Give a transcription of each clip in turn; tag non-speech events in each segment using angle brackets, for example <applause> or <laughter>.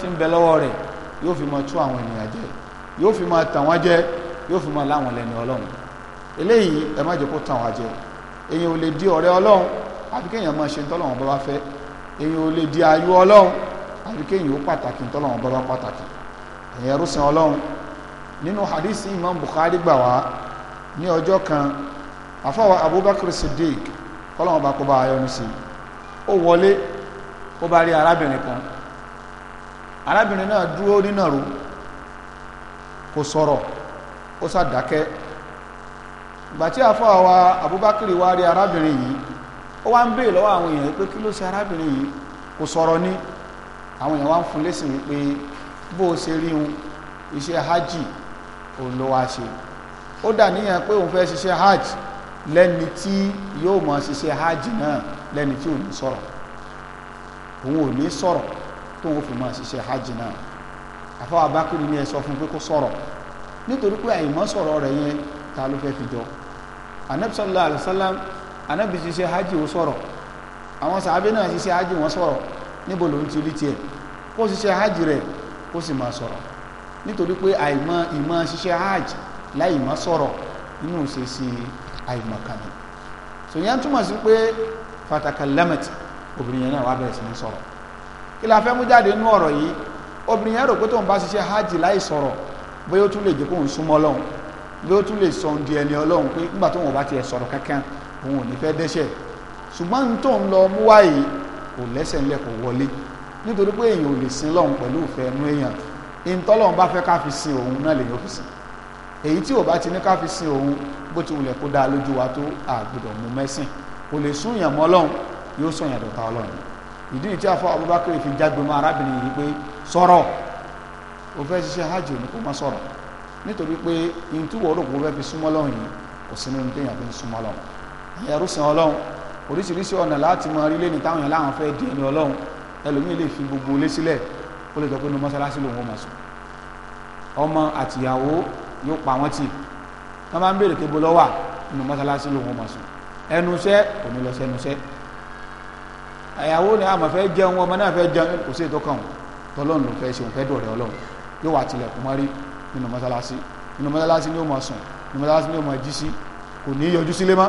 tí ń bẹ lọ́wọ́ rẹ̀ yóò fi máa tú àwọn ènìyàn jẹ yóò fi máa tàn wọ́n jẹ yóò fi máa láwọn lẹ́nu ọlọ́run eléyìí ẹ má jẹ́ kó tàn wọ́n jẹ èyàn ò lè di ọ̀rẹ́ ọlọ́run àbí kéèyàn máa ṣe tọ́lọ́run bá bá fẹ́ èyàn ò lè di ayú ọlọ́run àbí kéèyàn ó pàtàkì tọ́lọ́run bá bá pàtàkì èyàn rúṣin ọlọ́run nínú hadisi imam bukhari gbà wá ní ọjọ́ kan àfọwọ́ abubakar siddiq kọ́lọ́run bá kó bá ayọ́nu sí i ó wọlé ó bá rí arábìnrin kan arábìnrin náà dúró nínàró kò sọ̀rọ̀ ó sàdákẹ́ ìgbà tí àfọ́ àwa Abubakar wá rí arábìnrin yìí ó wá ń béè lọ́wọ́ àwọn èèyàn pé kí ló ṣe arábìnrin yìí kò sọ̀rọ̀ ní àwọn èèyàn wá ń fún lésìn wípé bó o ṣe rí un iṣẹ́ hajj òun ló wá ṣe ó dà níyàn pé òun fẹ́ ṣiṣẹ́ hajj lẹ́ni tí yóò máa ṣiṣẹ́ hajj náà lẹ́ni tí ò ní sọ̀rọ̀ òun ò ní sọ̀rọ̀ tó wọn fi máa ṣiṣẹ́ hajj náà àfọwọ́ abákiri ni ẹ sọ fún pé kó sọ̀rọ̀ nítorí pé àìmọ́ sọ̀rọ̀ rẹ̀ yẹn ta ló fẹ́ fi jọ anabi sallallahu alayhi wa sallam anabi ṣiṣẹ́ hajj ó sọ̀rọ̀ àwọn sàábé náà ṣiṣẹ́ hajj wọn sọ̀rọ̀ níbo ló ń ti rí tiẹ̀ kó ṣiṣẹ́ hajj rẹ̀ kó sì máa sọ̀rọ̀ nítorí pé sọ̀rọ̀ kí la fẹ́ mú jáde nínú ọ̀rọ̀ yìí obìnrin yẹn rò pé tóun bá ṣiṣẹ́ hajj láì sọ̀rọ̀ bóyá ó tún lè jẹ́ kóun súnmọ́ ọlọ́run bóyá ó tún lè sọ di ẹni ọlọ́run pé nígbà tóun bá tiẹ̀ sọ̀rọ̀ kankan òun ò ní fẹ́ dẹ́ṣẹ̀ ṣùgbọ́n ní tóun lọ mú wáyé kò lẹ́sẹ̀ ńlẹ̀ kò wọlé nítorí pé èèyàn ò lè sin lọ́run pẹ̀lú ìfẹ́ ẹnu èèyàn ìntọ́lọ́run bá fẹ́ ká fi sin òun náà lèyàn fi sin èyí tí ò bá ti ní ká fi sin òun bó ti wulẹ̀ kó dáa lójú wa tó àgbọ̀dọ̀ mú mẹ́sìn kò lè sún yàn mọ́ ọlọ́run yóò sọ̀yàn dọ̀tá ọlọ́run ìdí ìtí àfọ Abubakar fi jágbe mọ́ arábìnrin yìí pé sọ̀rọ̀ o fẹ́ ṣiṣẹ́ hajj ní kó má sọ̀rọ̀ nítorí pé ihun tí wọ́n rò kó fẹ́ fi súnmọ́ lọ́hùn yìí kò sí nínú téèyàn fi ń súnmọ́ lọ́hùn ẹ̀rú sìn ọlọ́hùn oríṣiríṣi ọ̀nà láti mọ orílẹ̀ ní táwọn yẹn láwọn fẹ́ di ẹni ọlọ́hùn ẹlòmíì lè fi gbogbo ilé sílẹ̀ ó lè jọ pé inú mọ́ṣáláṣí lòun ó máa sùn ọmọ àtìyàwó yóò pa wọ́n tì wọ́n máa ń béèrè kébó lọ́wà inú mọ́ṣáláṣí lòun ó máa sùn ẹnuṣẹ́ òní lọ sẹ́nuṣẹ́ ẹ̀yàwó ni àmọ̀ fẹ́ jẹun ọmọ náà fẹ́ jẹun kò sí ètò kan tọ́lọ́run ló fẹ́ ṣe òun fẹ́ dọ̀rẹ́ ọlọ́run yóò wà tilẹ̀kùn mọ́rí nínú mọ́sálásí nínú mọ́sálásí ni ó mọ̀ sùn nínú mọ́sálásí ni ó mọ̀ jí sí kò ní yọjú sílé mọ́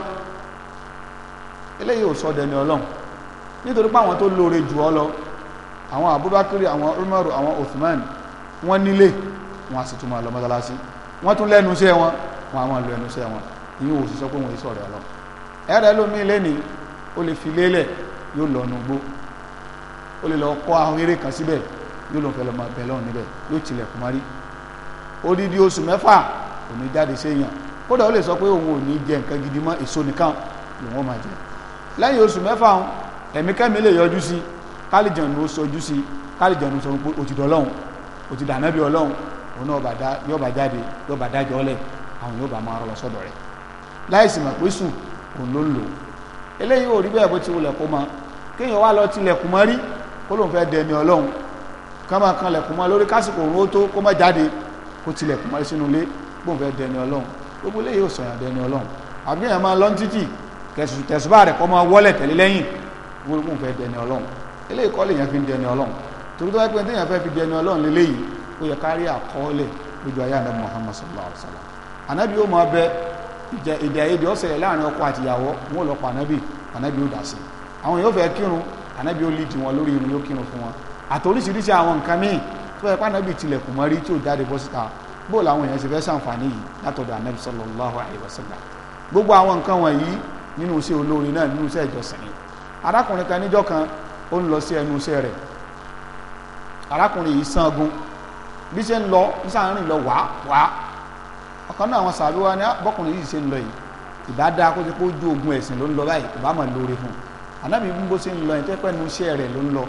eléyìí ò sọ dẹni ọlọ́run nítorí pé àwọn tó lóore jù ọ lọ àwọn abubakari àwọn umaru àwọn othman wọ́n nílé wọn a sì tún máa lọ mọ́sálásí wọ́n tún lẹ́nu iṣẹ́ wọn wọn a máa lọ ẹnu iṣẹ́ wọn ìyẹn ò sì sọ pé wọn ì sọ̀rọ̀ ọlọ́run ẹ̀rẹ́ lómi lẹ́ni ó lè fi lélẹ̀ yóò lọ ọ̀nà gbó ó lè lọ kọ́ àwọn eré kan síbẹ̀ yóò lọ fẹ́ lọ máa bẹ̀lọ́ níbẹ̀ yóò tilẹ̀kùn mọ́rí odidi oṣù mẹ́fà kò ní jáde séèyàn kódà ó lè sọ pé òun ò ní jẹ nǹkan gidi mọ́ èso nìkan lòun ó máa jẹ lẹ́yìn oṣù mẹ́fà ẹ̀mí kẹ́mi lè yọjú sí kálíjànù ó sọjú sí kálíjànù sọ pé òtítọ́ ọlọ́run òtítọ́ ànábì ọlọ́run òun náà yóò bá jáde yóò bá dájọ́ ọlẹ̀ àwọn yóò bá máa rọ lọ sọ́dọ̀ rẹ̀ láìsí mọ̀ pé sùn òun ló ń lò eléyìí ò rí bẹ́ẹ̀ bó ti wulẹ̀ kó máa kéèyàn wá lọ tilẹ̀kùn mọ́ rí kó lóun fẹ́ dẹni ọlọ́run ká máa kan lẹ̀kùn mọ́ lórí kásìkò òun ó tó kó má jáde kó tilẹ̀kùn mọ́ sínú ilé bóun fẹ́ dẹni ọlọ́run gbogbo ilé yóò sọ̀yàn dẹni ọlọ́run àbí èèyàn máa lọ títì tẹ̀sùbá rẹ̀ kọ́ máa wọ́lẹ̀ tẹ̀lé lẹ́yìn gbogbo fẹ́ dẹni ọlọ́run anabi ó máa bẹ ìdè àyèdè ọ̀sẹ̀ láàrin ọkọ anabi anabi ó dà àwọn yóò fẹ́ kírun ànábì ó lídì wọn lórí irun yóò kírun fún wọn àti oríṣiríṣi àwọn nǹkan míì tó fẹ́ pànábì tilẹ̀kùn mọ́rí tí ò jáde bọ́ síta bó làwọn èèyàn ṣe fẹ́ sàǹfààní yìí látọ̀dọ̀ ànábì sallallahu alaihi wasallam gbogbo àwọn nǹkan wọ̀nyí nínú iṣẹ́ olóore náà nínú iṣẹ́ ìjọsìn ni arákùnrin kan níjọ́ kan ó ń lọ sí ẹnu iṣẹ́ rẹ̀ arákùnrin yìí sangun bí ṣe ń lọ ń sàárín lọ wá wá ọ̀kan náà àwọn sàbí wa ní bọ́kùnrin yìí ṣe ń lọ yìí ìbá dáa kó ṣe kó ju ogun ẹ̀sìn ló ń lọ báyìí ìbá mọ̀ lóore fún un anábì ń bó ṣe ń lọ ẹ̀ tẹ́pẹ́ nu iṣẹ́ rẹ̀ ló ń lọ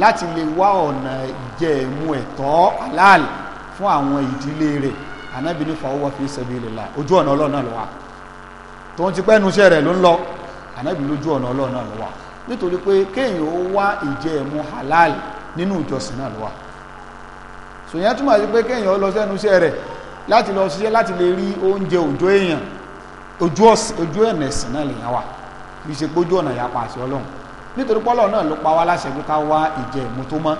láti lè wá ọ̀nà ìjẹ̀mú ẹ̀tọ́ halal fún àwọn ìdílé rẹ̀ anábì ní fàwọ́ fi sabilillah ojú ọ̀nà ọlọ́run náà ló wà tó ń ti pẹ́ nu iṣẹ́ rẹ̀ ló ń lọ anábì lójú ọ̀nà ọlọ́run náà ló nítorí pé kéèyàn ó wá ìjẹ̀mú halal nínú ìjọsìn náà ló wà sòyìn túmọ̀ sí pé kéèyàn lọ sẹ́nu iṣẹ́ rẹ̀ láti lọ ṣiṣẹ́ láti lè rí oúnjẹ òjò èèyàn ojú ọ̀nà ẹ̀sìn náà lèèyàn wà kì í ṣe pójú ọ̀nà ìyapa àṣẹ ọlọ́run nítorí pọ́lọ̀ náà ló pa wá láṣẹ pé ká wá ìjẹ ìmú tó mọ́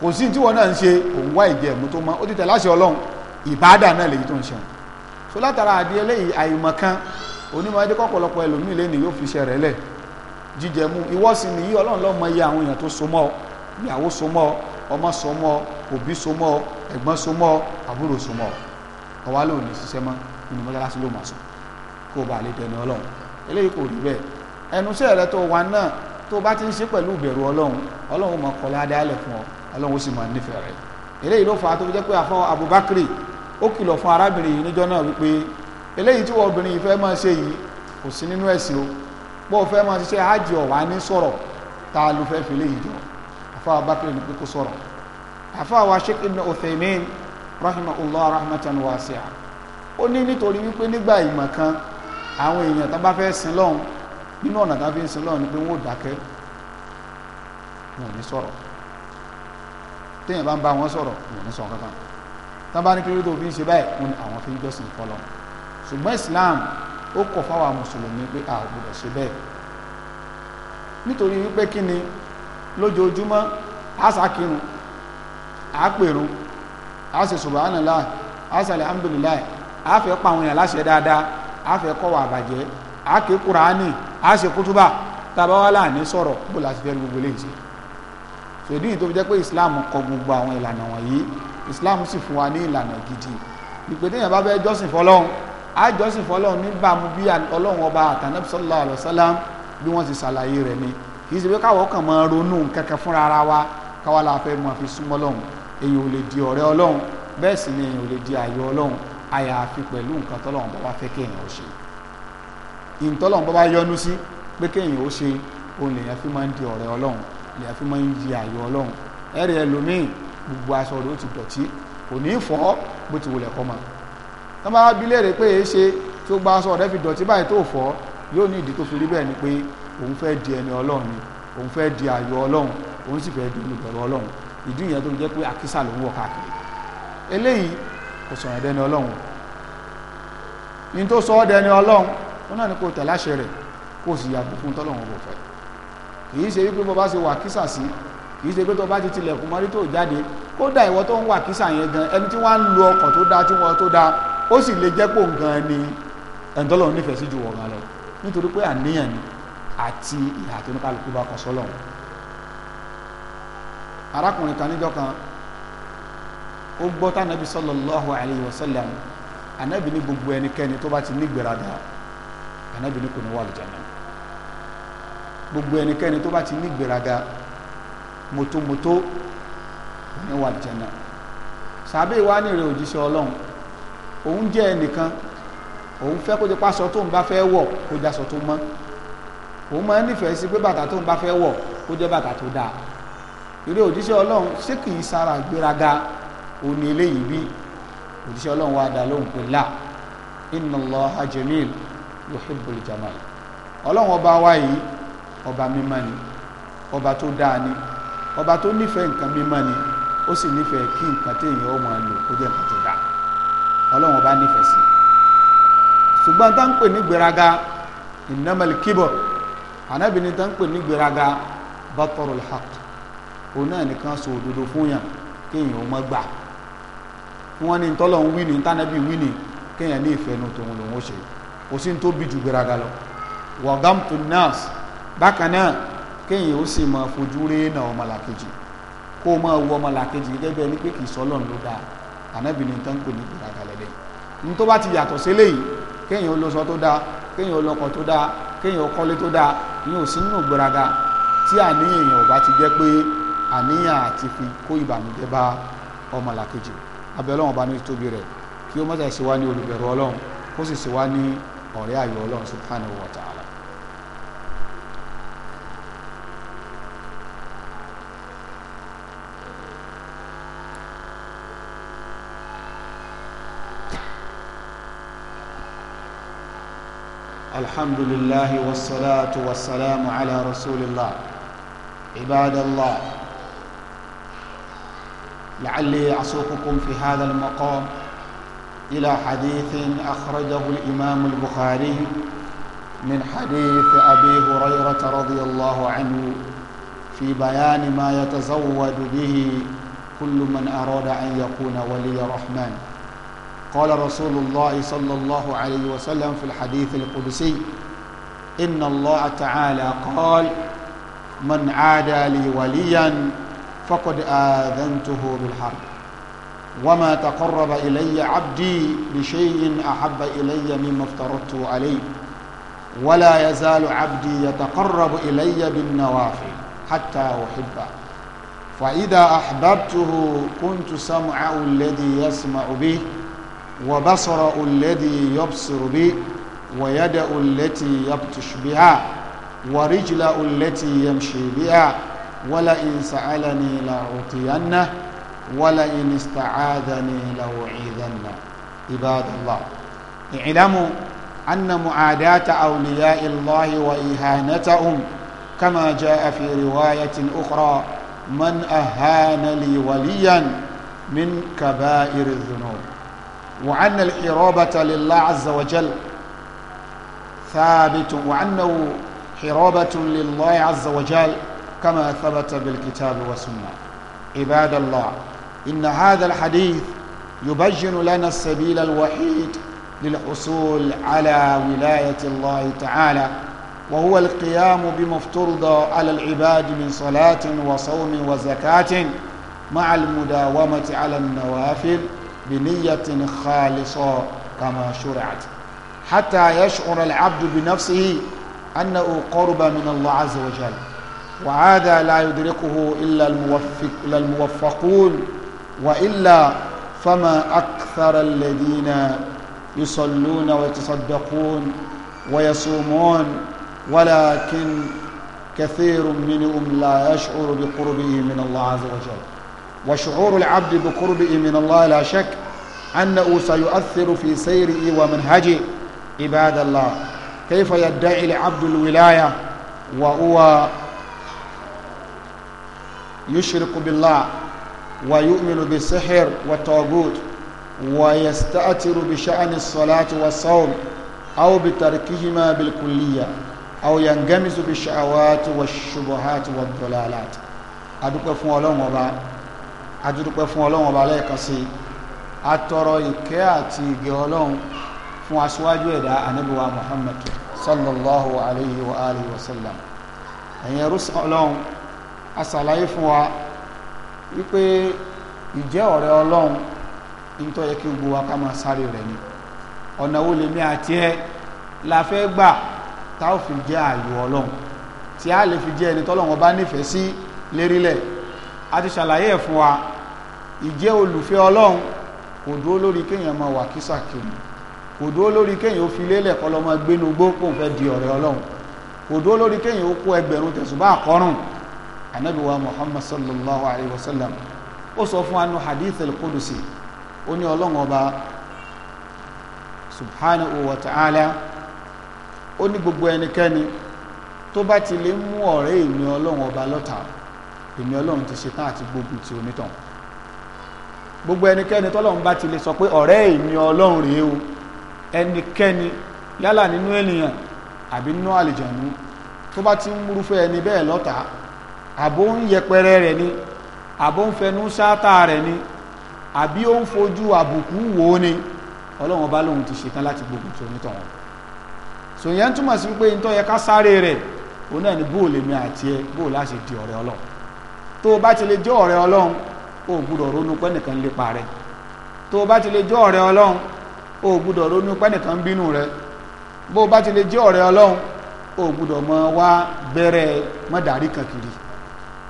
kò sí tí wọn náà ń ṣe òun wá ìjẹ ìmú tó mọ́ ó ti tẹ̀ láṣẹ ọlọ́run ìbáàdà náà lèyí tó ń ṣe so látara àdí eléyìí àìmọ̀ kan onímọ̀ ẹdí kọ́pọ̀lọpọ̀ ẹlòmíì lẹ́nu yóò fi ṣe rẹ̀ lẹ̀ jíjẹ mú ìwọ́ sí ni yí ọlọ́run lọ́mọ iye àwọn èèyàn tó so mọ́ ọ ìyàwó so mọ́ ọ ọmọ so mọ́ ọ òbí so mọ́ ọ ẹ̀gbọ́n so mọ́ ọ àbúrò so mọ́ ọ ọwá lòun ní o bá eléyìí kò rí bẹ́ẹ̀ ẹnuṣẹ́ rẹ tó wà náà tó bá ti ń ṣe pẹ̀lú ìbẹ̀rù ọlọ́run ọlọ́run mọ̀ fún ọ ọlọ́run ó sì mọ̀ nífẹ̀ẹ́ rẹ eléyìí ló fà á tó fi jẹ́ pé àfọ Abubakri ó kìlọ̀ fún arábìnrin yìí níjọ́ náà wípé eléyìí tí wọ́n obìnrin yìí fẹ́ máa ṣe yìí kò o bó o fẹ́ máa ṣiṣẹ́ ájì ọ̀wá ní ta ló fẹ́ fi léyìí jọ àwọn èèyàn tó nínú ọ̀nà tá a lọ́wọ́ ni pé wọ́n ò dákẹ́ wọn ò ní sọ̀rọ̀ téèyàn bá ń bá wọn sọ̀rọ̀ wọn ò ní sọ̀rọ̀ kankan tá a bá ní kílódé tó fi ń ṣe báyìí wọn ni àwọn fi ń gbẹ́sìn fọlọ́ ṣùgbọ́n Islam ó kọ̀ fáwọn mùsùlùmí pé a ò gbọdọ̀ ṣe bẹ́ẹ̀ nítorí wípé kí ni lójoojúmọ́ a sàkírun a pèrún a sì subhanallah pa àwọn èèyàn láṣẹ dáadáa a kọ́ wà bàjẹ́ a kúránì a ṣe kútúbà tàbá wà láàní sọ̀rọ̀ bó la ti fẹ́ gbogbo lè ṣe ṣèdí yìí tó fi jẹ́ pé islam kọ gbogbo àwọn ìlànà wọ̀nyí islam sì fún wa ní ìlànà gidi ìpè téèyàn bá fẹ́ jọ́sìn fọlọ́run a jọ́sìn fọlọ́run níbàámu bí ọlọ́run ọba àtànábì sallallahu alaihi bí wọ́n ti ṣàlàyé rẹ̀ ni kì í ṣe pé káwọ́ kàn máa ronú kẹ̀kẹ́ fúnra ara wa káwa la fẹ́ máa fi súnmọ́ lọ́hùn èyàn ò lè di ọ̀rẹ́ ọlọ́run bẹ́ẹ̀ sì ni èyàn ò lè di àyò ọlọ́run àyàfi pẹ̀lú nǹkan tọ́lọ́run bá wá fẹ́ kéèyàn ó ṣe ìtọ́lọ́run bá bá yọ́nú sí pé kéèyàn ó ṣe òun lèyàn fi máa ń di ọ̀rẹ́ ọlọ́run lèyàn fi máa ń yí àyò ọlọ́run ẹ̀rì ẹlòmíì gbogbo aṣọ rẹ̀ ó ti dọ̀tí kò ní fọ́ bó ti wulẹ̀ kọ́ ma tán bá bí léèrè pé èé ṣe tí ó gba aṣọ rẹ̀ fi dọ̀tí báyìí tó fọ́ yóò ní ìdí tó fi rí bẹ́ẹ̀ ni pé òun fẹ́ di ẹni ọlọ́run ni òun fẹ́ di àyò ọlọ́run òun sì fẹ́ di olùbẹ̀rù ọlọ́run ìdí ìyẹn tó ń jẹ́ pé àkísà ló ń wọ̀ káàkiri eléyìí kò sọ̀rọ̀ dẹni ọlọ́run ní tó sọ ọ́ dẹni ọlọ́run ó náà ní kó tẹ̀ láṣẹ rẹ̀ kó sì yàgò fún tọ́lọ́wọ́n bò fẹ́ kìí ṣe wípé bọ́ bá ṣe wà kísà sí kìí ṣe pé tó bá ti tilẹ̀kùn mọ́rí tó jáde kódà ìwọ tó ń wà kísà yẹn gan ẹni tí wọ́n á lo ọkọ̀ tó dáa tí wọ́n tó dáa ó sì lè jẹ́ pò gan ni ẹ̀ńtọ́lọ́wọ́n nífẹ̀ẹ́ sí ju wọ̀ lọ nítorí pé àníyàn ni àti ìhà tó ní kálukú bá kọ sọ́lọ́wọ́n arákùnrin kan níjọ́ kan ó gbọ́ tánàbí sallallahu alayhi wa sallam ànábì ní gbogbo ẹnikẹ́ni tó bá ti nígbèradà ànábì ní kò ní wà lìjànà gbogbo ẹnikẹ́ni tó bá ti ní ìgbéraga mọ́tòmọ́tò kò ní wà lìjànà sàbẹ̀ wa ní ìrẹ̀ òjíṣẹ́ ọlọ́run òun jẹ́ ẹnìkan òun fẹ́ kó ti pa aṣọ tó ń bá fẹ́ wọ̀ kó jẹ́ aṣọ tó mọ́ òun máa ń nífẹ̀ẹ́ sí pé bàtà tó ń bá fẹ́ wọ̀ kó jẹ́ bàtà tó dáa ìrẹ̀ òjíṣẹ́ ọlọ́run ṣé kì í sára ìgbéraga òun ni eléyìí bí òjíṣẹ́ ọlọ́run wa dá lóhùn pé là inna Allaha jamil yuhibbul jamal ọlọ́run ọba wa yìí ọba mímọ́ ni ọba tó dáa ni ọba tó nífẹ̀ẹ́ nǹkan mímọ́ ni ó sì nífẹ̀ẹ́ kí nǹkan téèyàn ó máa lò kó jẹ́ nǹkan tó dáa ọlọ́run ọba nífẹ̀ẹ́ sí ṣùgbọ́n tá ń pè ní gbéraga innamal kibr anábìnrin tá ń pè ní gbéraga batarul kò sí tó bí ju gbéraga lọ wọ̀gámtò nas bákan náà kéèyàn ó sì máa fojú rí na ọmọlàkejì kó máa wo ọmọlàkejì gẹ́gẹ́ bẹ́ẹ̀ ni pé kì í sọ lọ́n ló dáa ànábì ní tán kò ní gbéraga lẹ́lẹ́ ní tó bá ti yàtọ̀ sílé yìí kéèyàn ó lọ sọ tó dáa kéèyàn ó lọkọ̀ tó dáa kéèyàn ó kọ́lé tó dáa ní òsì nínú gbéraga tí àníyàn èèyàn ò bá ti jẹ́ pé àníyàn àti fi kó ìbànújẹ́ bá ọmọlàkejì abẹ́ ọlọ́run ọba ní títóbi rẹ̀ kí ó mọ́tà ṣe ní olùbẹ̀rù ọlọ́run kó sì ṣe ní ọ̀rẹ́ يا أيها subhanahu سبحانه وتعالى الحمد لله والصلاة والسلام على رسول الله عباد الله لعلي أسوقكم في هذا المقام إلى حديث أخرجه الإمام البخاري من حديث أبي هريرة رضي الله عنه في بيان ما يتزود به كل من أراد أن يكون ولي رحمن قال رسول الله صلى الله عليه وسلم في الحديث القدسي إن الله تعالى قال من عادى لي وليا فقد آذنته بالحرب وما تقرب إلي عبدي بشيء أحب إلي مما افترضته عليه ولا يزال عبدي يتقرب إلي بالنوافل حتى أحبه فإذا أحببته كنت سمعه الذي يسمع به وبصره الذي يبصر به ويده التي يبطش بها ورجله التي يمشي بها ولئن سألني لأعطينه ولئن استعاذني لأعيذن عباد الله اعلموا أن معاداة أولياء الله وإهانتهم كما جاء في رواية أخرى من أهان لي وليا من كبائر الذنوب وأن الحرابة لله عز وجل ثابت وأنه حرابة لله عز وجل كما ثبت بالكتاب والسنة عباد الله إن هذا الحديث يبين لنا السبيل الوحيد للحصول على ولاية الله تعالى وهو القيام بمفترض على العباد من صلاة وصوم وزكاة مع المداومة على النوافل بنية خالصة كما شرعت حتى يشعر العبد بنفسه أنه قرب من الله عز وجل وهذا لا يدركه إلا الموفق الموفقون وإلا فما أكثر الذين يصلون ويتصدقون ويصومون ولكن كثير منهم لا يشعر بقربه من الله عز وجل وشعور العبد بقربه من الله لا شك أنه سيؤثر في سيره ومنهجه عباد الله كيف يدعي العبد الولاية وهو يشرك بالله ويؤمن بالسحر والطاغوت ويستأثر بشأن الصلاة والصوم أو بتركهما بالكلية أو ينغمس بالشهوات والشبهات والضلالات adúpẹ́ fún ọlọ́run ọba adúpẹ́ fún ọlọ́run ọba lẹ́ẹ̀kan sí atọrọ ìkẹ́ àti ìgẹ́ ọlọ́run fún aṣíwájú ẹ̀dá anábíwá muhammad sallallahu alayhi wa alihi wa sallam ẹ̀yin ẹrú ọlọ́run asàlàyé fún wa wípé ìjẹ́ ọ̀rẹ́ ọlọ́run ní tó yẹ kí gbogbo wa ká máa sáré rẹ̀ ni ọ̀nà wo lèmi àti ẹ la fẹ́ gbà tá ò fi jẹ́ ààyò ọlọ́run tí a lè fi jẹ́ ẹni tọ́lọ́run ọba nífẹ̀ẹ́ sí lérílẹ̀ a ti ṣàlàyé ẹ̀ fún wa ìjẹ́ olùfẹ́ ọlọ́run kò dúró lórí kéèyàn máa wà kísàkiri kò dúró lórí kéèyàn ó fi lélẹ̀ kọ́ lọ́mọ gbénu gbó kóun fẹ́ di ọ̀rẹ́ ọlọ́run kò dúró lórí kéèyàn ó kó ẹgbẹ̀rún tẹ̀sùbá àkọ́rùn-ún anabiwa muhammad sallallahu alayhi wa sallam ó sọ fún anu hadith al-qudusi ó ní ọlọ́run ọba subhanahu wa ta'ala ó ní gbogbo ẹnikẹ́ni tó bá ti lè mú ọ̀rẹ́ èmi ọlọ́run ọba lọ́ta èmi ọlọ́run ti ṣetán àti gbógun ti onítàn gbogbo ẹnikẹ́ni tọ́lọ́run bá ti lè sọ pé ọ̀rẹ́ èmi ọlọ́run rèé o ẹnikẹ́ni yálà nínú ènìyàn àbí nínú àlìjẹ̀nú tó bá ti ń múrúfẹ́ ẹni bẹ́ẹ̀ lọ́ta àbó ń yẹpẹrẹ rẹ̀ ni àbó ń fẹnu sáátà rẹ̀ ni àbí ó ń fojú àbùkù wò ó ni ọlọ́run ọba lòun ti ṣetán láti gbógun tó onítọ̀ wọn sòyẹ́ túmọ̀ sí pé nítorí yẹ sáré rẹ̀ òun náà ni bóòlù èmi àti ẹ bóòlù á ṣe di ọ̀rẹ́ ọlọ́run tó o bá ti lè jẹ́ ọ̀rẹ́ ọlọ́run o gbúdọ̀ ronú pé nìkan lépa rẹ̀ tó o bá ti lè jẹ́ ọ̀rẹ́ ọlọ́run o gbúdọ̀ ronú pé bínú rẹ̀ bó o bá ti lè jẹ́ ọ̀rẹ́ ọlọ́run o gbúdọ̀ mọ wá bẹ̀rẹ̀ mọ́dàrí kan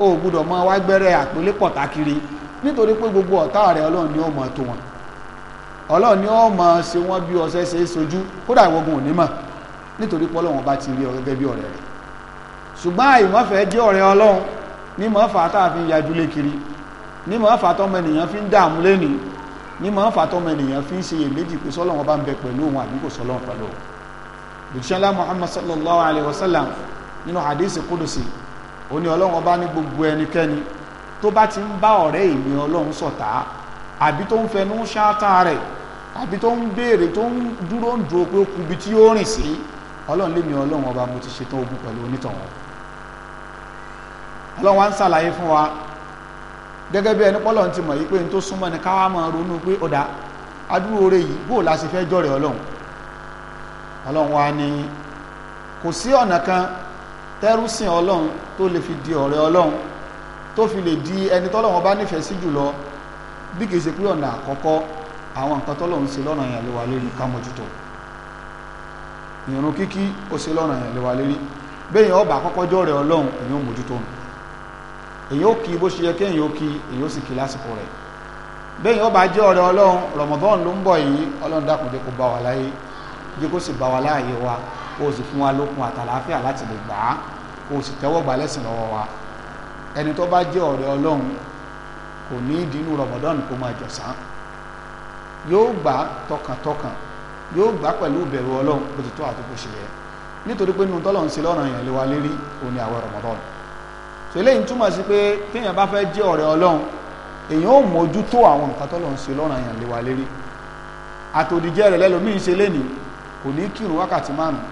o gbúdọ̀ mọ́ wá gbẹ́rẹ́ àpélé pọ̀tàkiri nítorí pé gbogbo ọ̀tá rẹ̀ ọlọ́run ni ó mọ̀ tó wọn ọlọ́run ni ó mọ̀ ṣe wọ́n bí ọṣẹ ṣe é sojú kódà ìwọ̀gùn ò ní mọ̀ nítorí pé ọlọ́run bá ti rí ọ gẹ́gẹ́ bí ọ̀rẹ́ rẹ̀ ṣùgbọ́n àìmọ́fẹ́ jẹ́ ọ̀rẹ́ ọlọ́run ní mọ̀ fà tá a fi yajú lé kiri ní mọ̀ fà tọ́mọ ènìyàn fi ń dààmú lénìí ní mọ̀ fà tọ́mọ ènìyàn fi ń ṣe iyèméjì pé sọ́lọ́run bá ń bẹ pẹ̀lú òun àbí kò sọ́lọ́run pẹ̀lú òun. bùsùnlá muhammad sallallahu alayhi wa sallam nínú hadisi kudusi ó ní ọlọ́run ọba ní gbogbo ẹnikẹ́ni tó bá ti ń bá ọ̀rẹ́ ọlọ́run sọ̀tá àbí tó ń fẹnu ṣáátá rẹ̀ àbí tó ń béèrè tó ń dúró ń dúró pé ó tí ó rìn sí ọlọ́run lémi ọlọ́run ọba mo ti ṣetán ogun pẹ̀lú onítọ̀hún ọlọ́run wa ń ṣàlàyé fún wa gẹ́gẹ́ bí ẹni pọ́lọ́run ti mọ̀ yí pé n tó súnmọ́ káwá máa ronú pé ọ̀dà tó lè fi di ọ̀rẹ́ ọlọ́run tó fi lè di ẹni tọ́lọ́run bá nífẹ̀ẹ́ sí jùlọ bí kìí ṣe pé ọ̀nà àkọ́kọ́ àwọn nǹkan tọ́lọ́run ṣe lọ́nà yẹn lè wà lórí ká mójútó ìrun kíkí ó ṣe lọ́nà yẹn lè wà lórí bẹ́yìn ọba àkọ́kọ́ jọ rẹ̀ ọlọ́run èyí ó mójútó nù èyí ó kí bó ṣe yẹ kéèyàn ó kí èyí ó sì kí lásìkò rẹ̀ bẹ́yìn ọba jẹ́ ọ̀rẹ́ ọlọ́run Ramadan ló ń bọ̀ yìí ọlọ́run dákun jẹ́ kó bá wa láyé jẹ́ kó sì bá wa láàyè wa ó sì fún wa lókun àtàlàáfíà láti lè gbà á kò sì tẹ́wọ́ gbà lẹ́sìn lọ́wọ́ wa ẹni tó bá jẹ́ ọ̀rẹ́ ọlọ́run kò ní ìdínú Ramadan kó máa jọ̀sán yóò gbà tọkàntọkàn yóò gbà pẹ̀lú ìbẹ̀rù ọlọ́run bó ti tó àti bó ṣe yẹ nítorí pé nínú tọ́lọ̀ ń ṣe lọ́rọ̀ yẹn lé wa lérí òní àwọ̀ Ramadan so eléyìí túmọ̀ sí pé téèyàn bá fẹ́ jẹ́ ọ̀rẹ́ ọlọ́run èèyàn ò mójútó àwọn nǹkan tọ́lọ̀ ń ṣe lọ́rọ̀ yẹn lé wa lérí àtòdìjẹ́ rẹ̀ lẹ́lòmíì ṣe lénìí kò ní kírun wákàtí márùn-ún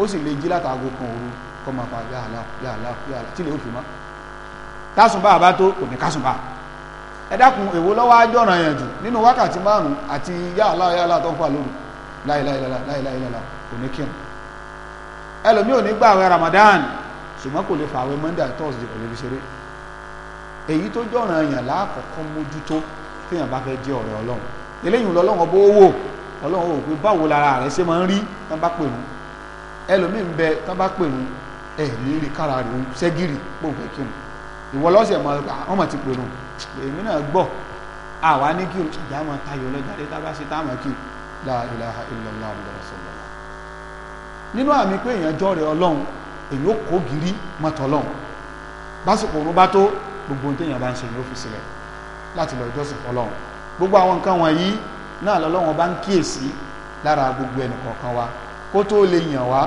ó sì lè jí látàgò kan òru kọ́ máa fa yàhálà yàhálà yàhálà tí lè ó fi mọ́ tásùnbà àbá tó kò ní kásùnbà ẹ dákun èwo lọ́wọ́ ajọ́ràn yẹn jù nínú wákàtí márùn-ún àti yàhálà yàhálà tó ń fà lóru láìláìlàlà láìláìlàlà kò ní kírun ẹlòmí ò ní gbà àwẹ̀ Ramadan ṣùgbọ́n kò lè fa àwẹ̀ Monday Thursday kò lè fi ṣeré èyí tó jọ̀ràn yẹn láàkọ́kọ́ mójútó téèyàn bá fẹ́ jẹ́ ọ̀rẹ́ Ọlọ́run eléyìí lọ́lọ́wọ́ bó wò Ọlọ́run ò pé báwo lára rẹ̀ ṣe máa ń rí tán bá pèrún ẹlòmíì ń bẹ tán bá pèrún ẹ ní rí kára rẹ̀ ṣẹ́gìrì pò fẹ́ kírun ìwọ lọ́sẹ̀ mọ́ àwọn ọmọ ti pèrò èmi náà gbọ́ àwa ní kírun ìjà máa tayọ lọ́jà dé tá a bá ṣe tá a máa la ilaha illallah rasulullah nínú àmì pé èèyàn jọ́ rẹ̀ ọlọ́run èyí ó kó gírí mọ́tọ́ ọlọ́run básìkò òun bá tó gbogbo ohun téèyàn bá ń ṣe ní ọ́fíìsì rẹ̀ láti lọ ìjọsìn fọlọ́run gbogbo àwọn nǹkan wọ̀nyí náà lọ́lọ́run bá ń kíyèsí lára gbogbo ẹnì kọ̀ọ̀kan wa kó tó lè yàn wá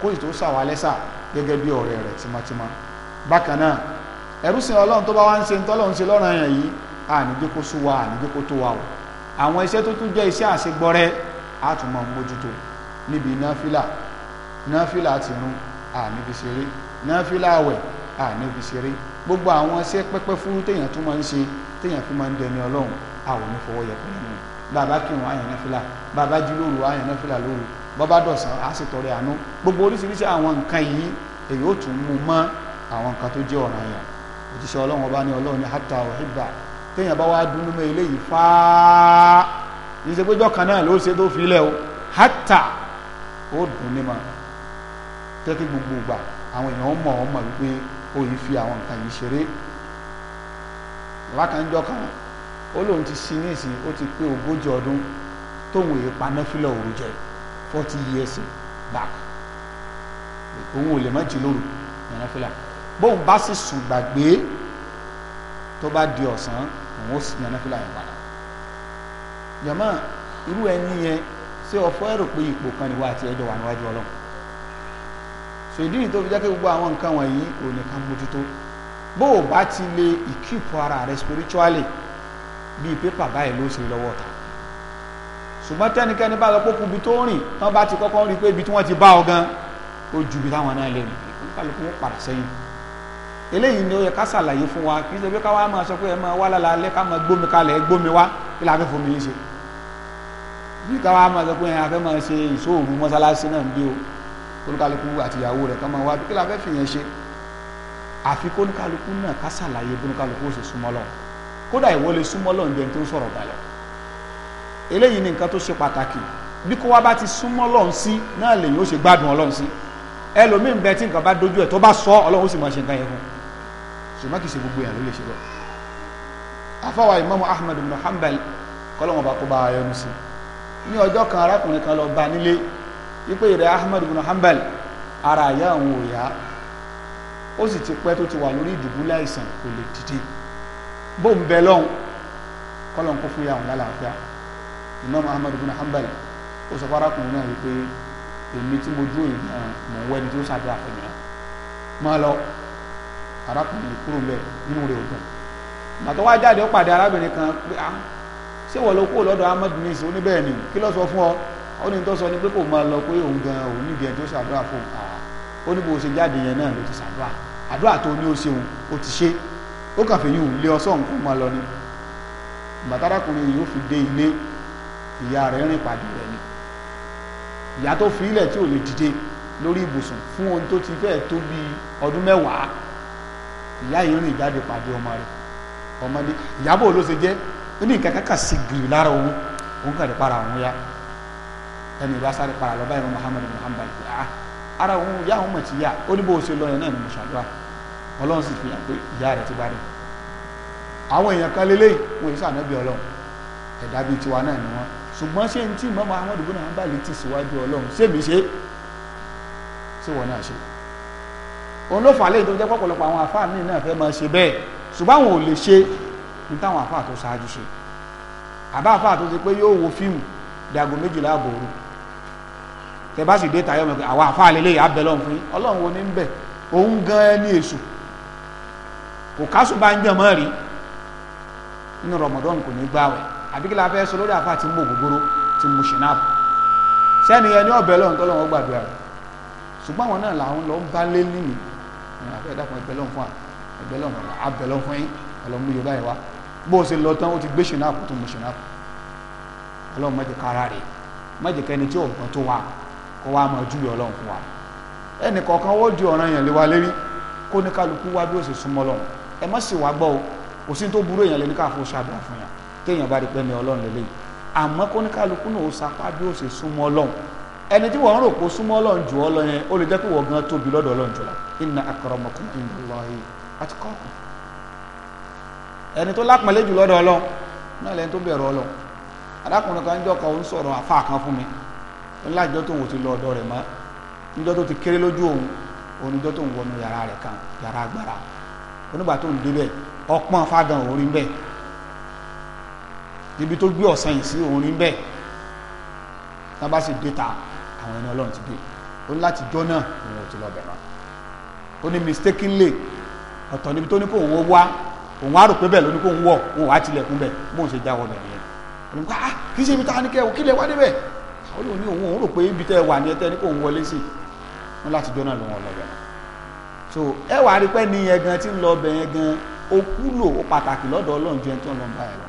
kó sì gẹ́gẹ́ bí ọ̀rẹ́ rẹ̀ tímọ́tímọ́ bákan náà ẹrúsìn ọlọ́run tó bá wá ń ṣe tọ́lọ́run ṣe lọ́rọ̀ yẹn yìí àníjẹ́ kó sú wa àníjẹ́ kó tó wa o àwọn iṣẹ́ tó tún jẹ́ iṣẹ́ àṣegbọ́rẹ́ á tún mọ mójútó níbi náfìlà náfìlà ti run àníbi ṣeré náfìlà àwẹ̀ àníbi ṣeré gbogbo àwọn iṣẹ́ pẹ́pẹ́ fúrú téèyàn tún máa ń ṣe téèyàn fi máa ń dẹni ọlọ́run àwọn onífọwọ́ yẹpẹrẹ nù bàbá kírun bọ́bá dọ̀sán á sì tọrẹ àánú gbogbo oríṣiríṣi àwọn nǹkan yìí èyí ó tún mú mọ́ àwọn nǹkan tó jẹ́ ọ̀ràn yẹn òjíṣẹ́ ọlọ́run ọba ní ọlọ́run ní hata ọ̀hìbà téèyàn bá wá dúnú mọ́ eléyìí fáá yìí ṣe péjọ kan náà ló ṣe tó fi lẹ̀ o hata ó dùn ní ma tẹ́kí gbogbo ìgbà àwọn èèyàn mọ̀ ọ́n mọ̀ wípé ó yìí fi àwọn nǹkan yìí ṣeré lákàájọ́ kan ó lóun ti sin ní ìsìn ó ti pé ogójì ọdún tóun èèpa náfìlà òru jẹ́ forty years back òun ò lè má jí lóru yàrá fìlà bóun bá sì sùn gbàgbé tó bá di ọ̀sán òun ó sì yàrá fìlà yẹn padà jàmọ́ irú ẹni yẹn ṣé ọ̀fọ́ ẹ̀rọ pé ipò kan ni wà á ti ẹjọ́ wà níwájú ọlọ́run ṣèdí yìí tó fi jẹ́ pé gbogbo àwọn nǹkan wọ̀nyí òun nìkan mójútó bó o bá ti lè ìkíìpù ara rẹ spiritually bíi pépà báyìí ló ṣe lọ́wọ́ ta ṣùgbọ́n tẹ́nikẹ́ni bá lọ pókun ibi tó rìn tán bá ti kọ́kọ́ rí pé ibi tí wọ́n ti bá ọ gan ó ju ibi táwọn náà lè rìn kálukú wọn padà sẹ́yìn eléyìí ni ó yẹ ká ṣàlàyé fún wa kì í ṣe pé káwa máa sọ pé ẹ máa wá lára alẹ́ ká máa gbómi kalẹ̀ gbómi wá kí la fẹ́ fomi yín ṣe bí káwa máa sọ pé ẹ fẹ́ máa ṣe ìṣòòrùn mọ́ṣáláṣí náà bí o kólúkálukú àtìyàwó rẹ̀ ká máa wá kí la fẹ́ fìyẹn ṣe àfi kólúkálukú náà ká ṣàlàyé kólúkálukú ó ṣe súnmọ́ lọ kódà ìwọ lè súnmọ́ lọ ní ẹni tó ń sọ̀rọ̀ balẹ̀ eléyìí ni nǹkan tó ṣe pàtàkì bí kó wá bá ti súnmọ́ Ọlọ́run sí náà lèyìn ó ṣe gbádùn Ọlọ́run sí ẹlòmíín bẹ tí nǹkan bá dojú ẹ̀ tó bá sọ Ọlọ́run ó sì máa ṣe nǹkan yẹn fún ṣùgbọ́n kì í ṣe gbogbo yẹn ló lè ṣe lọ. afọwọ́ Imam Ahmad ibn Hanbal kọ́lọ́mọ̀ bá kó bá yọnu sí ní ọjọ́ kan arákùnrin kan lọ bá nílé wípé ìrẹ̀ Ahmad ibn Hanbal ara ìyá àwọn òyà ó sì ti pẹ́ tó ti wà lórí ìdùbúlẹ̀ àìsàn kò lè dìde bó bẹ lọ́hùn kọ́lọ́n kó fún yà wọn lálàáfíà imam ahmed bin hanbal ó sọ fara kùnrin náà wípé èmi tí mo dúró yìí náà mò ń wẹ́ni tí ó ṣàdúrà fún mi náà máa lọ arákùnrin kúrò ń bẹ nínú rẹ̀ ògùn bàtọ́ wá jáde ó pàdé arábìnrin kan pé ah ṣé wọ́n ló kúrò lọ́dọ̀ ahmed bin ìṣó ni kí ló sọ fún ọ ó ní tó sọ ni pé kò máa lọ pé òun gan òun nídìí ẹni tó ṣàdúrà fún un ah. ó ní bó ṣe jáde yẹn náà ló ti ṣàdúrà àdúrà tó ní ó ṣeun ó ti ṣe ó kàfẹ́ yìí ò lé ọsọ́ nǹkan máa lọ ni bàtàrákùnrin yìí ó fi dé ilé ìyá rẹ̀ rìn pàdé rẹ̀ ni ìyá tó fi ilẹ̀ tí ò lórí ibùsùn fún ohun tó ti fẹ́ẹ̀ tó bí ọdún mẹ́wàá ìyá rìn jáde pàdé ọmọ rẹ̀ ọmọdé Ìyábọ̀ ló ṣe jẹ́ ó ní nǹkan sí lára òun òun para òun ya ẹni ìbá para lọ báyìí ah ara òun ìyá òun mọ̀ ti ṣùgbọ́n ṣé ní tí Imam Ahmad ibn Hanbal ti síwájú ọlọ́run sèmi ṣe sí wọn náà ṣe òun ló fà lẹ́yìn tó jẹ́ pọ̀pọ̀lọpọ̀ àwọn àfáà míì náà fẹ́ máa ṣe bẹ́ẹ̀ ṣùgbọ́n àwọn ò lè ṣe ní táwọn àfáà tó ṣáájú ṣe àbá àfáà tó ti pé yóò wo fíìmù dago méjìlá àbòrò tẹ bá sì dé tayọ mọ pé àwọn àfáà lélẹ́yìí abẹ́lọ́run fún yín ọlọ́run wo ní ń bẹ̀ òun gan ẹni èṣù kò kásùbà ń jẹ mọ́ rí nínú Ramadan kò ní gbáwẹ̀ àbí kí la fẹ́ sọ lórí àfa tí ń bò gbogbooro tí ń mu ṣìnàbù sẹ́ni ẹni ọ̀bẹ lọ́run tó lọ́wọ́ gbàdúrà rẹ̀ ṣùgbọ́n àwọn náà làwọn lọ ń bá lé nínú ní àfẹ́ dàpọ̀ ẹgbẹ́ lọ́n fún ẹgbẹ́ lọ́n fún abẹ lọ́n fún yín ọlọ́mú yóò báyìí wá bó o ṣe lọ tán ó ti gbé ṣìnàbù tó mu ṣìnàbù ọlọ́run má téèyàn bá rí pé ní ọlọ́run lélẹ́yìn àmọ́ kó ní kálukú náà ó sapá bí ó ṣe súnmọ́ ọlọ́run ẹni tí wọ́n rò pé ó súnmọ́ ọlọ́run jù ọ́ lọ yẹn ó lè jẹ́ pé wọ́n gan tóbi lọ́dọ̀ ọlọ́run jù lọ inna akramakum indallahi atqakum ẹni tó lápọ̀nlé jù lọ́dọ̀ ọlọ́run náà lẹni tó bẹ̀rù ọlọ́run arákùnrin kan jọ́ kan ó sọ̀rọ̀ àfa níbi tó gbé ọ̀sán yìí sí òun rí bẹ́ẹ̀ tá bá sì dé ta àwọn ẹni ọlọ́run ti dé ó láti jọ́ náà òun ò ti lọ bẹ̀rẹ̀ ó ní mistakenly ọ̀tọ̀ níbi tó ní kó òun wá òun á rò pé bẹ́ẹ̀ ló ní kó òun wọ̀ òun á tilẹ̀kùn bẹ́ẹ̀ bóun ṣe jáwọ́ bẹ̀rẹ̀ yẹn òun kọ́ ah kì í ṣe ibi tá a ní kẹ́ òkè lẹ̀ wá débẹ̀ ó lóun ní òun òun rò pé ibi tẹ́ wà ní ẹ tẹ́ ní kó òun wọlé sí wọn láti jọ́ náà lòun ọ̀lọ́bẹ̀ náà so ẹ wàá rí pẹ́ ní yẹn gan tí ń lọ bẹ̀ yẹn gan ó kúlò ó pàtàkì lọ́dọ̀ ọlọ́run ju ẹni tó ń lọ lọ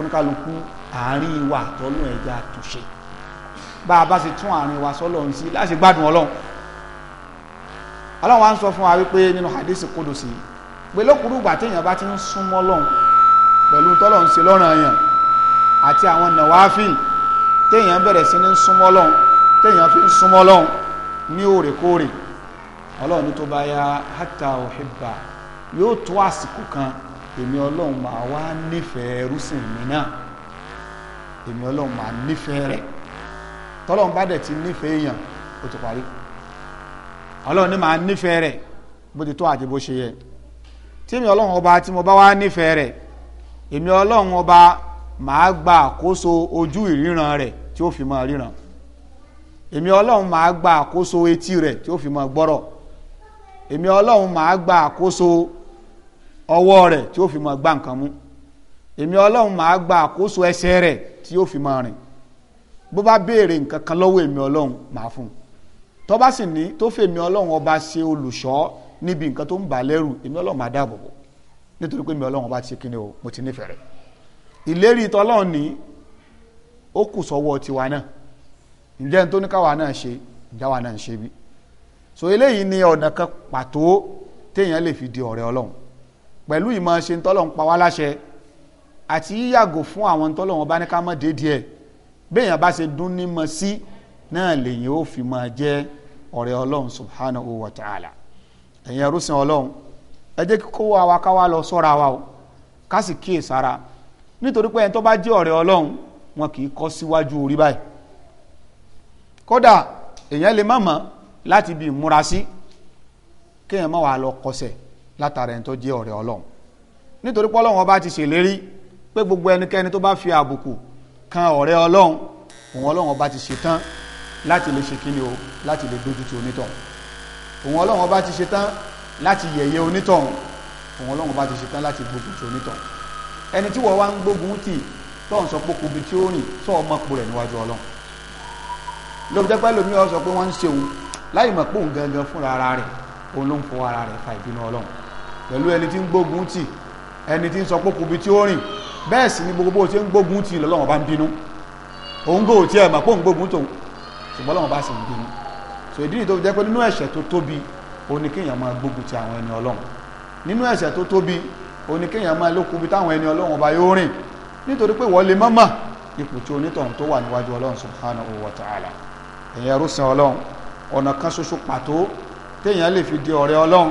oníkálukú àárín ìwà àtọ́lù ẹ̀já àtúnṣe bá a bá ṣe tún àárín wa sọ́lọ́run sí láti gbádùn ọlọ́run ọlọ́run wa ń sọ fún wa wípé nínú hadisi kudusi pé lókùrú ìgbà téèyàn bá ti ń súnmọ́ lọ́run pẹ̀lú tọ́lọ́run sí lọ́rùn èèyàn àti àwọn nàwáfíìn téèyàn bẹ̀rẹ̀ sí ní súnmọ́ lọ́run téèyàn fi ń súnmọ́ lọ́run ní òrèkóòrè ọlọ́run tó bá ya hatta uhibba yóò tó àsìkò kan èmi ọlọ́run máa wá nífẹ̀ẹ́ ẹrúsìn mi náà èmi ọlọ́run máa nífẹ̀ẹ́ rẹ̀ tọ́lọ́run bá dẹ̀ ti nífẹ̀ẹ́ èèyàn ó ti parí ọlọ́run ní máa nífẹ̀ẹ́ rẹ̀ bó ti tó àti ṣe yẹ ọba tí mo bá wá nífẹ̀ẹ́ rẹ̀ ọba gba àkóso ojú ìríran rẹ̀ tí ó fi ríran èmi gba àkóso etí rẹ̀ tí ó fi gbọ́rọ̀ èmi gba àkóso ọwọ́ rẹ̀ tí ó fi máa gbá nǹkan mú èmi ọlọ́run máa gba àkóso ẹsẹ̀ rẹ̀ tí ó fi máa rìn bó bá béèrè nǹkan kan lọ́wọ́ èmi ọlọ́run máa fún un tó bá sì ní tó fẹ́ èmi ọlọ́run ọba ṣe olùṣọ́ níbi nǹkan tó ń bà lẹ́rù èmi ọlọ́run máa dáàbò bò nítorí pé èmi ọlọ́run ọba ti ṣe kíni o mo ti nífẹ̀ẹ́ rẹ̀ ìlérí tọ́lọ́run ní ó kù sọ́wọ́ tiwa náà ǹjẹ́ ní tó ní káwa náà ṣe ìjáwa náà ṣe bí so eléyìí ni ọ̀nà kan pàtó téèyàn lè fi di ọ̀rẹ́ ọlọ́run pẹ̀lú ìmọ̀ ṣe ń tọ́lọ̀ ń pa wá láṣẹ àti yíyàgò fún àwọn tọ́lọ̀ wọn bá ní ká mọ̀ déédéé ẹ̀ béèyàn bá ṣe dún ní mọ̀ sí náà lèyìn ó fi máa jẹ́ ọ̀rẹ́ ọlọ́run subhanahu wa ta'ala ẹ̀yin ẹrúsìn ọlọ́run ẹ jẹ́ kí kó wa wa ká lọ sọ́ra wa o ká sì kíyè sára nítorí pé ẹni tó bá jẹ́ ọ̀rẹ́ ọlọ́run wọn kì í kọ́ síwájú orí báyìí kódà èèyàn lè má mọ̀ láti bí ìmúra sí kéèyàn má wàá lọ kọsẹ̀ látara ẹni tó jẹ́ ọ̀rẹ́ ọlọ́run nítorí pé ọlọ́run ọba ti ṣèlérí pé gbogbo ẹnikẹ́ni tó bá fi àbùkù kan ọ̀rẹ́ ọlọ́run òun ọlọ́run ọba ti ṣetán láti lè ṣe kíni o láti lè dójú ti onítọ̀hún òun ọlọ́run ọba ti ṣetán láti yẹ̀yẹ́ onítọ̀hún òun ọlọ́run ọba ti ṣetán láti gbógun ti onítọ̀hún ẹni tí wọ́n wá ń gbógun tì tó ń sọ pé kò bí tí ó rìn tó ọmọ pò rẹ̀ níwájú ọlọ́run lóbi jẹ́ pé lómi ọ sọ pé wọ́n ń ṣe òun láì mọ̀ pé òun gangan fúnra ara rẹ̀ òun ló ń fọ ara rẹ̀ fa ìbínú ọlọ́run pẹ̀lú ẹni tí ń gbógun tì ẹni tí ń sọ pókù bí tí ó rìn bẹ́ẹ̀ sì ni gbogbo tí ń gbógun tì lọ́lọ́wọ́n bá ń bínú òun gò tí ẹ̀ mà pò ń gbógun tòun ṣùgbọ́n lọ́wọ́n bá sì ń bínú so ìdí nìyí tó jẹ́ pé nínú ẹ̀ṣẹ̀ tó tóbi òní kéèyàn máa gbógun ti àwọn ẹni ọlọ́run nínú ẹ̀ṣẹ̀ tó tóbi òní kéèyàn máa lókun bí táwọn ẹni ọlọ́run bá yóò rìn nítorí pé wọ́n lè mọ́mọ́ ipò tí onítọ̀hún tó wà níwájú ọlọ́run subhanahu wa ta'ala ẹ̀yẹ rúṣin ọlọ́run ọ̀nà kan ṣoṣo pàtó téèyàn lè fi di ọ̀rẹ́ ọlọ́run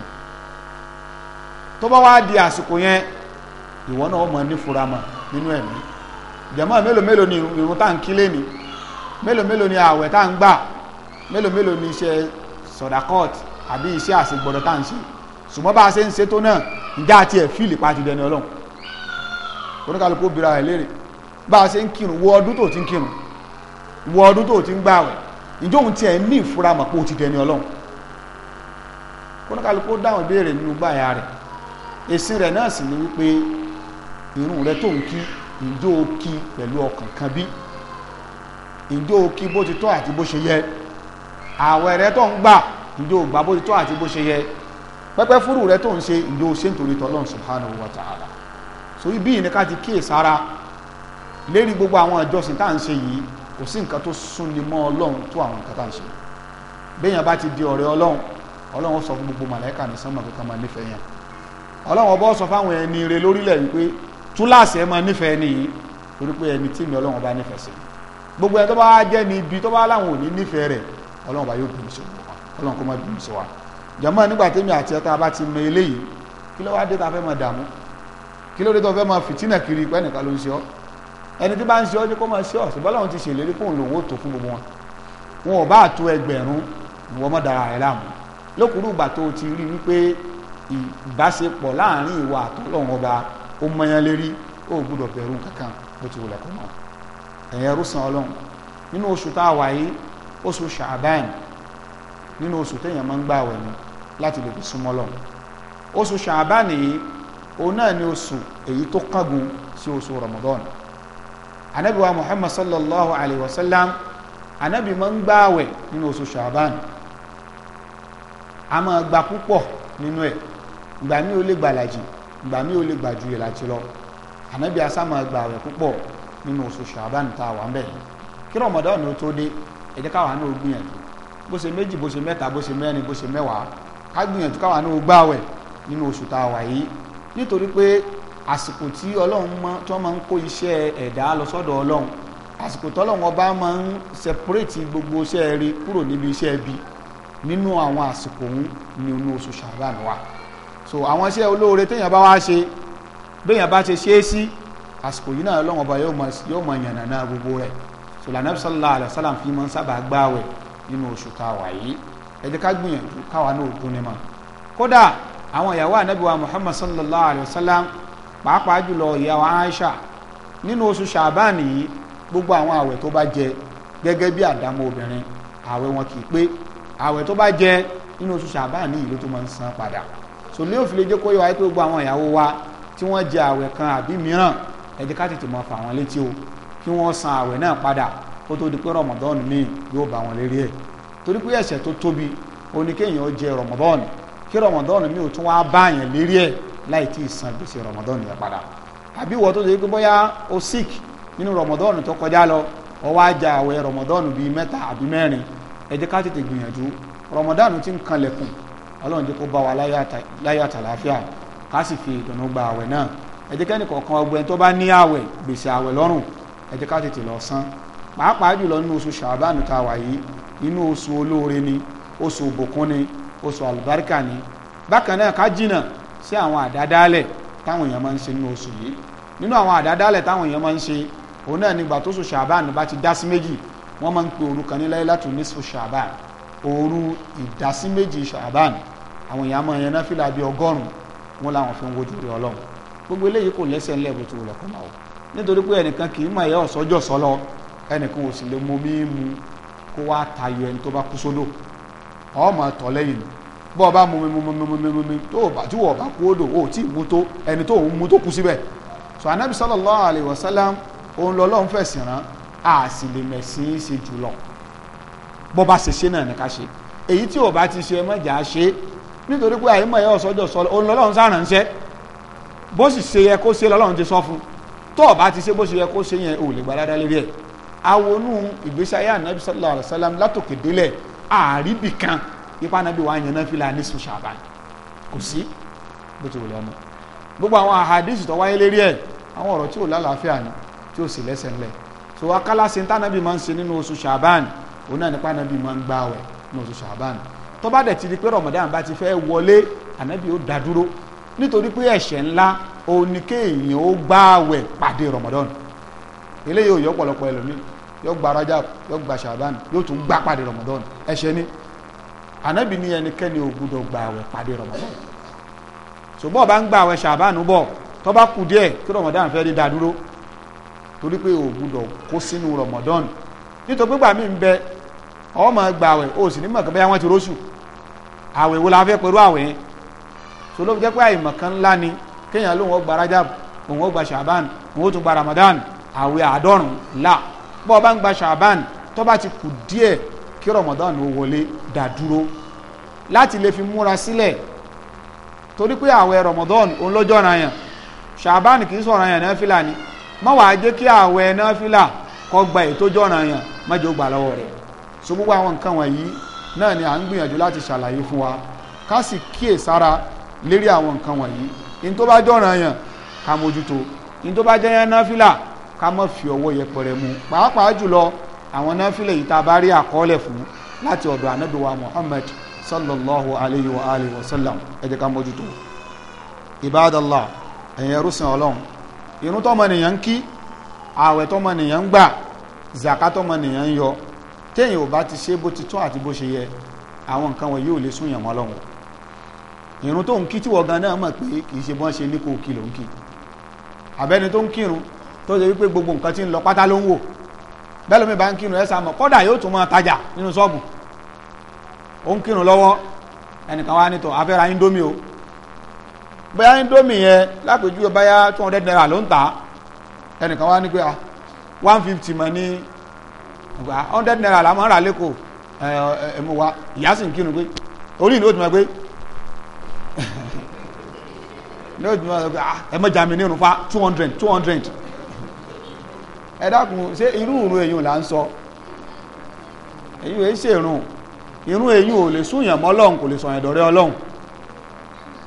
tó bá wá di àsìkò yẹn ìwọ náà mọ̀ ní furama nínú ẹ̀mí jẹ̀mọ́ mélòó mélòó ni irun tá à ń kí mélòó mélòó ni ààwẹ̀ tá à ń gbà mélòó mélòó ni iṣẹ́ sọ̀dàkọ́t àbí iṣẹ́ àṣegbọ̀dọ̀ tá à ń ṣe ṣùgbọ́n bá a ṣe ń ṣe tó náà ìjà àti ẹ̀ fíìlì pa ti dẹni ọlọ́run oníkàlùkù obìnrin ààrẹ léèrè bá a ṣe ń kírun wọ ọdún tó ti ń kírun wọ ọdún tó ti ń gbààwẹ̀ ìjọ òun tiẹ̀ ní ìfura mọ̀ pé ó ti dẹni ọlọ́run oníkàlùkù dáhùn ìbéèrè nínú gbàyà rẹ̀ èsì rẹ̀ náà sì ni wípé irun rẹ̀ tó ń kí ìjó kí pẹ̀lú ọkàn kan bí ìjó kí bó ti tọ́ àti bó ṣe yẹ àwẹ̀ rẹ̀ tó ń gbà ìjó gbà bó ti tọ́ àti bó ṣe yẹ pẹ́pẹ́ fúrú rẹ̀ tó ń ṣe ìjó ṣe nítorí tọ́lọ́n subhanahu wa ta'ala so ibi ni ká ti kíyè sára lérí gbogbo àwọn ìjọsìn tá à ń ṣe yìí kò sí nǹkan tó súnni mọ́ ọlọ́run tó àwọn nǹkan tá à ń ṣe béèyàn bá ti di ọ̀rẹ́ ọlọ́run ọlọ́run sọ fún gbogbo màlàíkà ní sánmà tó máa nífẹ̀ẹ́ yẹn ọlọ́run ọba sọ fáwọn ẹni rẹ lórílẹ̀ wípé túláàsì ẹ máa nífẹ̀ẹ́ nìyí torí pé ẹni tí mi ọlọ́run ọba nífẹ̀ẹ́ sí gbogbo ẹni tó bá jẹ́ ni ibi tó bá láwọn ò ní nífẹ̀ẹ́ rẹ̀ ọlọ́run ọba yóò bínú sí wa ọlọ́run kó má bínú sí wa jàmọ́ nígbà tẹ́mi àti ẹ̀ta bá ti mọ eléyìí kí ló wá dé ta fẹ́ máa dààmú kí ló dé tó fẹ́ máa fìtínà kiri pé ẹnìkan ló ń ṣe ọ́ ẹni tí bá ń ṣe ọ́ ní kó máa ṣe ọ́ ṣùgbọ́n láwọn ti ṣèlérí fún òun ó tó fún gbogbo wọn wọn ò bá tó ẹgbẹ̀rún ìwọ mọ́ dára rẹ̀ láàmú lókùrú ìgbà tó ti rí wípé ìbáṣepọ̀ láàrin ìwà àtọ́lọ́wọ́n ọba ó mọyán lérí ó gbúdọ̀ bẹ̀rù kankan bó ti wùlẹ̀ kó mọ̀ ẹ̀yẹ rúsan ọlọ́run nínú oṣù tá a wà yìí oṣù ṣàbán nínú oṣù téèyàn máa ń gbà wẹ̀ ni láti lè fi súnmọ́ lọ oṣù ṣàbán yìí òun náà ni oṣù èyí tó kángun sí oṣù ramadan anabi muhammad sallallahu alayhi wa sallam anabi máa ń gbà wẹ̀ nínú oṣù ṣàbán a máa gba púpọ̀ nínú ẹ̀ ìgbà mi ò lè gbàlàjì ìgbà mi ò lè gbàjú ìlàjì lọ ànábì asámọ ẹgbà rẹ púpọ̀ nínú oṣù ṣàbán tá a wà ń bẹ kí rọmọdọ́ọ̀nù tó dé ẹ jẹ́ káwa náà gbìyànjú bó ṣe méjì bó ṣe mẹ́ta bó ṣe mẹ́rin bó ṣe mẹ́wàá ká gbìyànjú káwa náà gbààwẹ̀ nínú oṣù tá a wà yìí nítorí pé àsìkò tí ọlọ́run mọ tí wọ́n máa ń kó iṣẹ́ ẹ̀dá lọ sọ́dọ̀ ọlọ́run àsìkò tọ́lọ́run ọba máa ń separate gbogbo iṣẹ́ rí kúrò níbi iṣẹ́ bí nínú àwọn àsìkò òun ni inú oṣù ṣàbán wà so àwọn iṣẹ́ olóore téèyàn bá wá ṣe béèyàn bá ṣe ṣe é sí àsìkò yìí náà Ọlọ́run Ọba yóò mọ ìyànnà náà gbogbo rẹ̀ so lànà sallallahu alaihi fi máa ń sábà gbáwẹ̀ nínú oṣù tàwa yìí ẹ jẹ́ ká gbìyànjú káwa náà dún ní ma kódà àwọn ìyàwó ànábì wa Muhammad sallallahu alaihi wasallam pàápàá jùlọ ìyàwó Aisha nínú oṣù Ṣàbán yìí gbogbo àwọn àwẹ̀ tó bá jẹ gẹ́gẹ́ bí àdámọ́ obìnrin àwẹ̀ wọn kì í pé àwẹ̀ tó bá jẹ nínú oṣù Ṣàbán yìí ló tó máa ń san padà so ní òfin lè jẹ́ kó yẹ wáyé pé gbogbo àwọn ìyàwó wa tí wọ́n jẹ àwẹ̀ kan àbí mìíràn ẹ jẹ́ ká tètè mọ fà wọ́n létí o kí wọ́n san àwẹ̀ náà padà kó tó di pé Ramadan míì yóò bá wọn lérí ẹ̀ torí pé ẹ̀ṣẹ̀ tó tóbi oníkéèyàn jẹ Ramadan kí Ramadan míì ò tún wá báyàn lérí ẹ̀ láì tí ì san gbèsè Ramadan yẹn padà àbí ìwọ tó ṣe pé bóyá o sick nínú Ramadan tó kọjá lọ ọ wá ja àwẹ̀ Ramadan bíi mẹ́ta àbí mẹ́rin ẹ jẹ́ ká tètè gbìyànjú Ramadan ti ń kanlẹ̀kùn ọlọ́run jẹ́ kó bá wa láyọ̀ àtàláfíà ká sì fi ìdùnnú gba àwẹ̀ náà ẹ jẹ́ kẹ́ni kọ̀ọ̀kan ọgbẹ́ tó bá ní àwẹ̀ gbèsè àwẹ̀ lọ́rùn ẹ jẹ́ ká tètè lọ san pàápàá jùlọ nínú oṣù ṣàbánu tá wà yìí nínú oṣù olóore ni oṣù òbòkún ni oṣù àlùbáríkà ni bákan náà ká jìnà sí àwọn àdádálẹ̀ táwọn èèyàn máa ń ṣe nínú oṣù yìí nínú àwọn àdádálẹ̀ táwọn èèyàn máa ń ṣe òun náà nígbà tó oṣù ṣàbánu bá ti dá sí méjì wọ́n máa ń pe òru kan ní láyé látò ní ìdásí méjì ṣàbánu àwọn èèyàn máa yan náfìlà bíi ọgọ́rùn wọn làwọn fi ń wojú rí ọlọ́run gbogbo eléyìí kò lẹ́sẹ̀ ńlẹ̀ bó ti wù lọ́kọ́ máa wò nítorí pé ẹnìkan kì í mọ̀ ẹ̀yà ọ̀sọ́jọ́ sọ́lọ́ ẹnìkan ò sì lè mú mí mu kó wá tayọ ẹni tó bá kú sódò ọmọ tọ̀ lẹ́yìn ni bọ́ ọ bá mú mi mú mi mú mi mú mi tó bá tí wọ́n bá kú odò ó tí mú tó ẹni tó ń mú tó kú síbẹ̀ sọ anábì sallallahu alaihi wasallam òun lọ́lọ́run fẹ̀sìn rán a sì lè mẹ̀sìn ṣe jùlọ bọ́ bá ṣe ṣe náà ní nítorí pé àyímọ̀ ẹ̀ ọ̀sọ́jọ́ sọ òun lọ́lọ́run sáránṣẹ́ bó sì ṣe yẹ kó ṣe lọ́lọ́run ti sọ fún tó o bá ti ṣe bó ṣe yẹ kó ṣe yẹn ò lè gbàdá lórí ẹ̀ awonú ìgbésí ayé ànábi sallallahu alaihi wasallam látòkè délẹ̀ àríbì kan ipa ànábi wà yẹn náà fi láàánú sùn ṣàbá kò sí bó ti wòlé ọmọ gbogbo àwọn àhàdísì tó wáyé lérí ẹ̀ àwọn ọ̀rọ̀ tí ò lálàáfíà ni tí ò sì lẹ́sẹ̀ ńlẹ̀ so akálàsí ntànàbì máa ń ṣe nínú oṣù ṣàbán òun náà nípa ànábi máa ń gbààwẹ̀ nínú oṣù ṣàbán tó bá dẹ̀ ti di pé Ramadan bá ti fẹ́ wọlé ànábì ó dá nítorí pé ẹ̀ṣẹ̀ ńlá òun ni kéèyàn ó gbààwẹ̀ pàdé Ramadan eléyìí ò yọ ọ̀pọ̀lọpọ̀ ẹlòmíì yóò gba Rajab yóò gba Ṣàbán yóò tún gbà pàdé Ramadan ẹ̀ṣẹ̀ ni ànábì ní ẹnikẹ́ni ò gbúdọ̀ gbààwẹ̀ pàdé Ramadan ṣùgbọ́n ọba ń gbààwẹ̀ Ṣàbán bọ̀ tó bá kù díẹ̀ kí Ramadan fẹ́ dé dá dúró torí pé ò gbúdọ̀ kó sínú Ramadan nítorí pé gbàmí ń bẹ ọmọ gbààwẹ̀ ó sì ní mọ̀ bẹ́ẹ̀ wọ́n ti róṣù àwẹ̀ wo la fẹ́ pẹ̀lú àwẹ̀ yẹn so ló fi jẹ́ pé àìmọ̀kan ńlá ni kéèyàn lóun ó rajab òun ó shaban òun tún gba ramadan àwẹ̀ àádọ́rùn la là bọ́ ọ bá ń gba shaban tó ti kù díẹ̀ kí ramadan ó wọlé dá dúró láti lè fi múra sílẹ̀ torí pé àwẹ̀ ramadan òun lọ́jọ́ ọ̀ràn yẹn shaban kì í sọ̀ràn yẹn náà fìlà ni má wàá jẹ́ kí àwẹ̀ náà fìlà kó gba ètò ọjọ́ ọ̀ràn yẹn má jẹ́ ó gbà lọ́wọ́ rẹ̀ so gbogbo àwọn nǹkan wọ̀nyí náà ni à ń gbìyànjú láti ṣàlàyé fún wa ká sì kíyè sára lérí àwọn nǹkan wọ̀nyí in tó bá jọ̀ràn yàn ká mójútó in tó bá jẹ́ yẹn náfìlà ká má fi ọwọ́ yẹpẹrẹ mú pàápàá jùlọ àwọn náfìlà yìí tá bá rí àkọọ́lẹ̀ fún láti ọ̀dọ̀ ànábì wa sallallahu alayhi wa alayhi wa sallam ẹ jẹ́ ká mójútó ibadallah ẹ̀yin ẹrúsìn ọlọ́run irun tọ́mọ nìyẹn ń kí ààwẹ̀ tọ́mọ nìyẹn ń gbà zaka tọ́mọ yọ téèyàn ò bá ti ṣe bó ti tún àti bó ṣe yẹ àwọn nǹkan wọn yóò lè súnyàn mọ́ lọ́wọ́ ìrun tó ń kí tíwọ̀ gan náà mọ̀ pé kì í ṣe bọ́n ṣe ní kò kí ló ń kí àbẹ́ni tó ń kírun tó ṣe wípé gbogbo nǹkan tí ń lọ pátá ló ń wò bẹ́ẹ̀ lómi bá ń kírun ẹ̀ sàmọ̀ kọ́dà yóò tún máa tajà nínú ṣọ́ọ̀bù ó ń kírun lọ́wọ́ ẹnìkan wá nítọ̀ afẹ́ra indomie o bóyá indomie yẹn lápèjúwe báyá two hundred naira ló ń tà ẹnìkan wá ní pé ah, one fifty mọ̀ ní gbà hundred naira la máa ń rà lẹ́kọ̀ọ́ ẹ̀mú wa ìyá sì ń kírun pé orí ìlú òtún mọ̀ pé ní ah, òtún mọ̀ pé ẹ̀mọ́ jàmí ní ìrùnfà two hundred two hundred ẹ dákun ṣé irú ìrun èyí là ń sọ èyí ò ṣe ìrun ìrun èyí ò lè súnyàn mọ́ ọlọ́run kò lè sọ̀yàn dọ̀rẹ́ ọlọ́run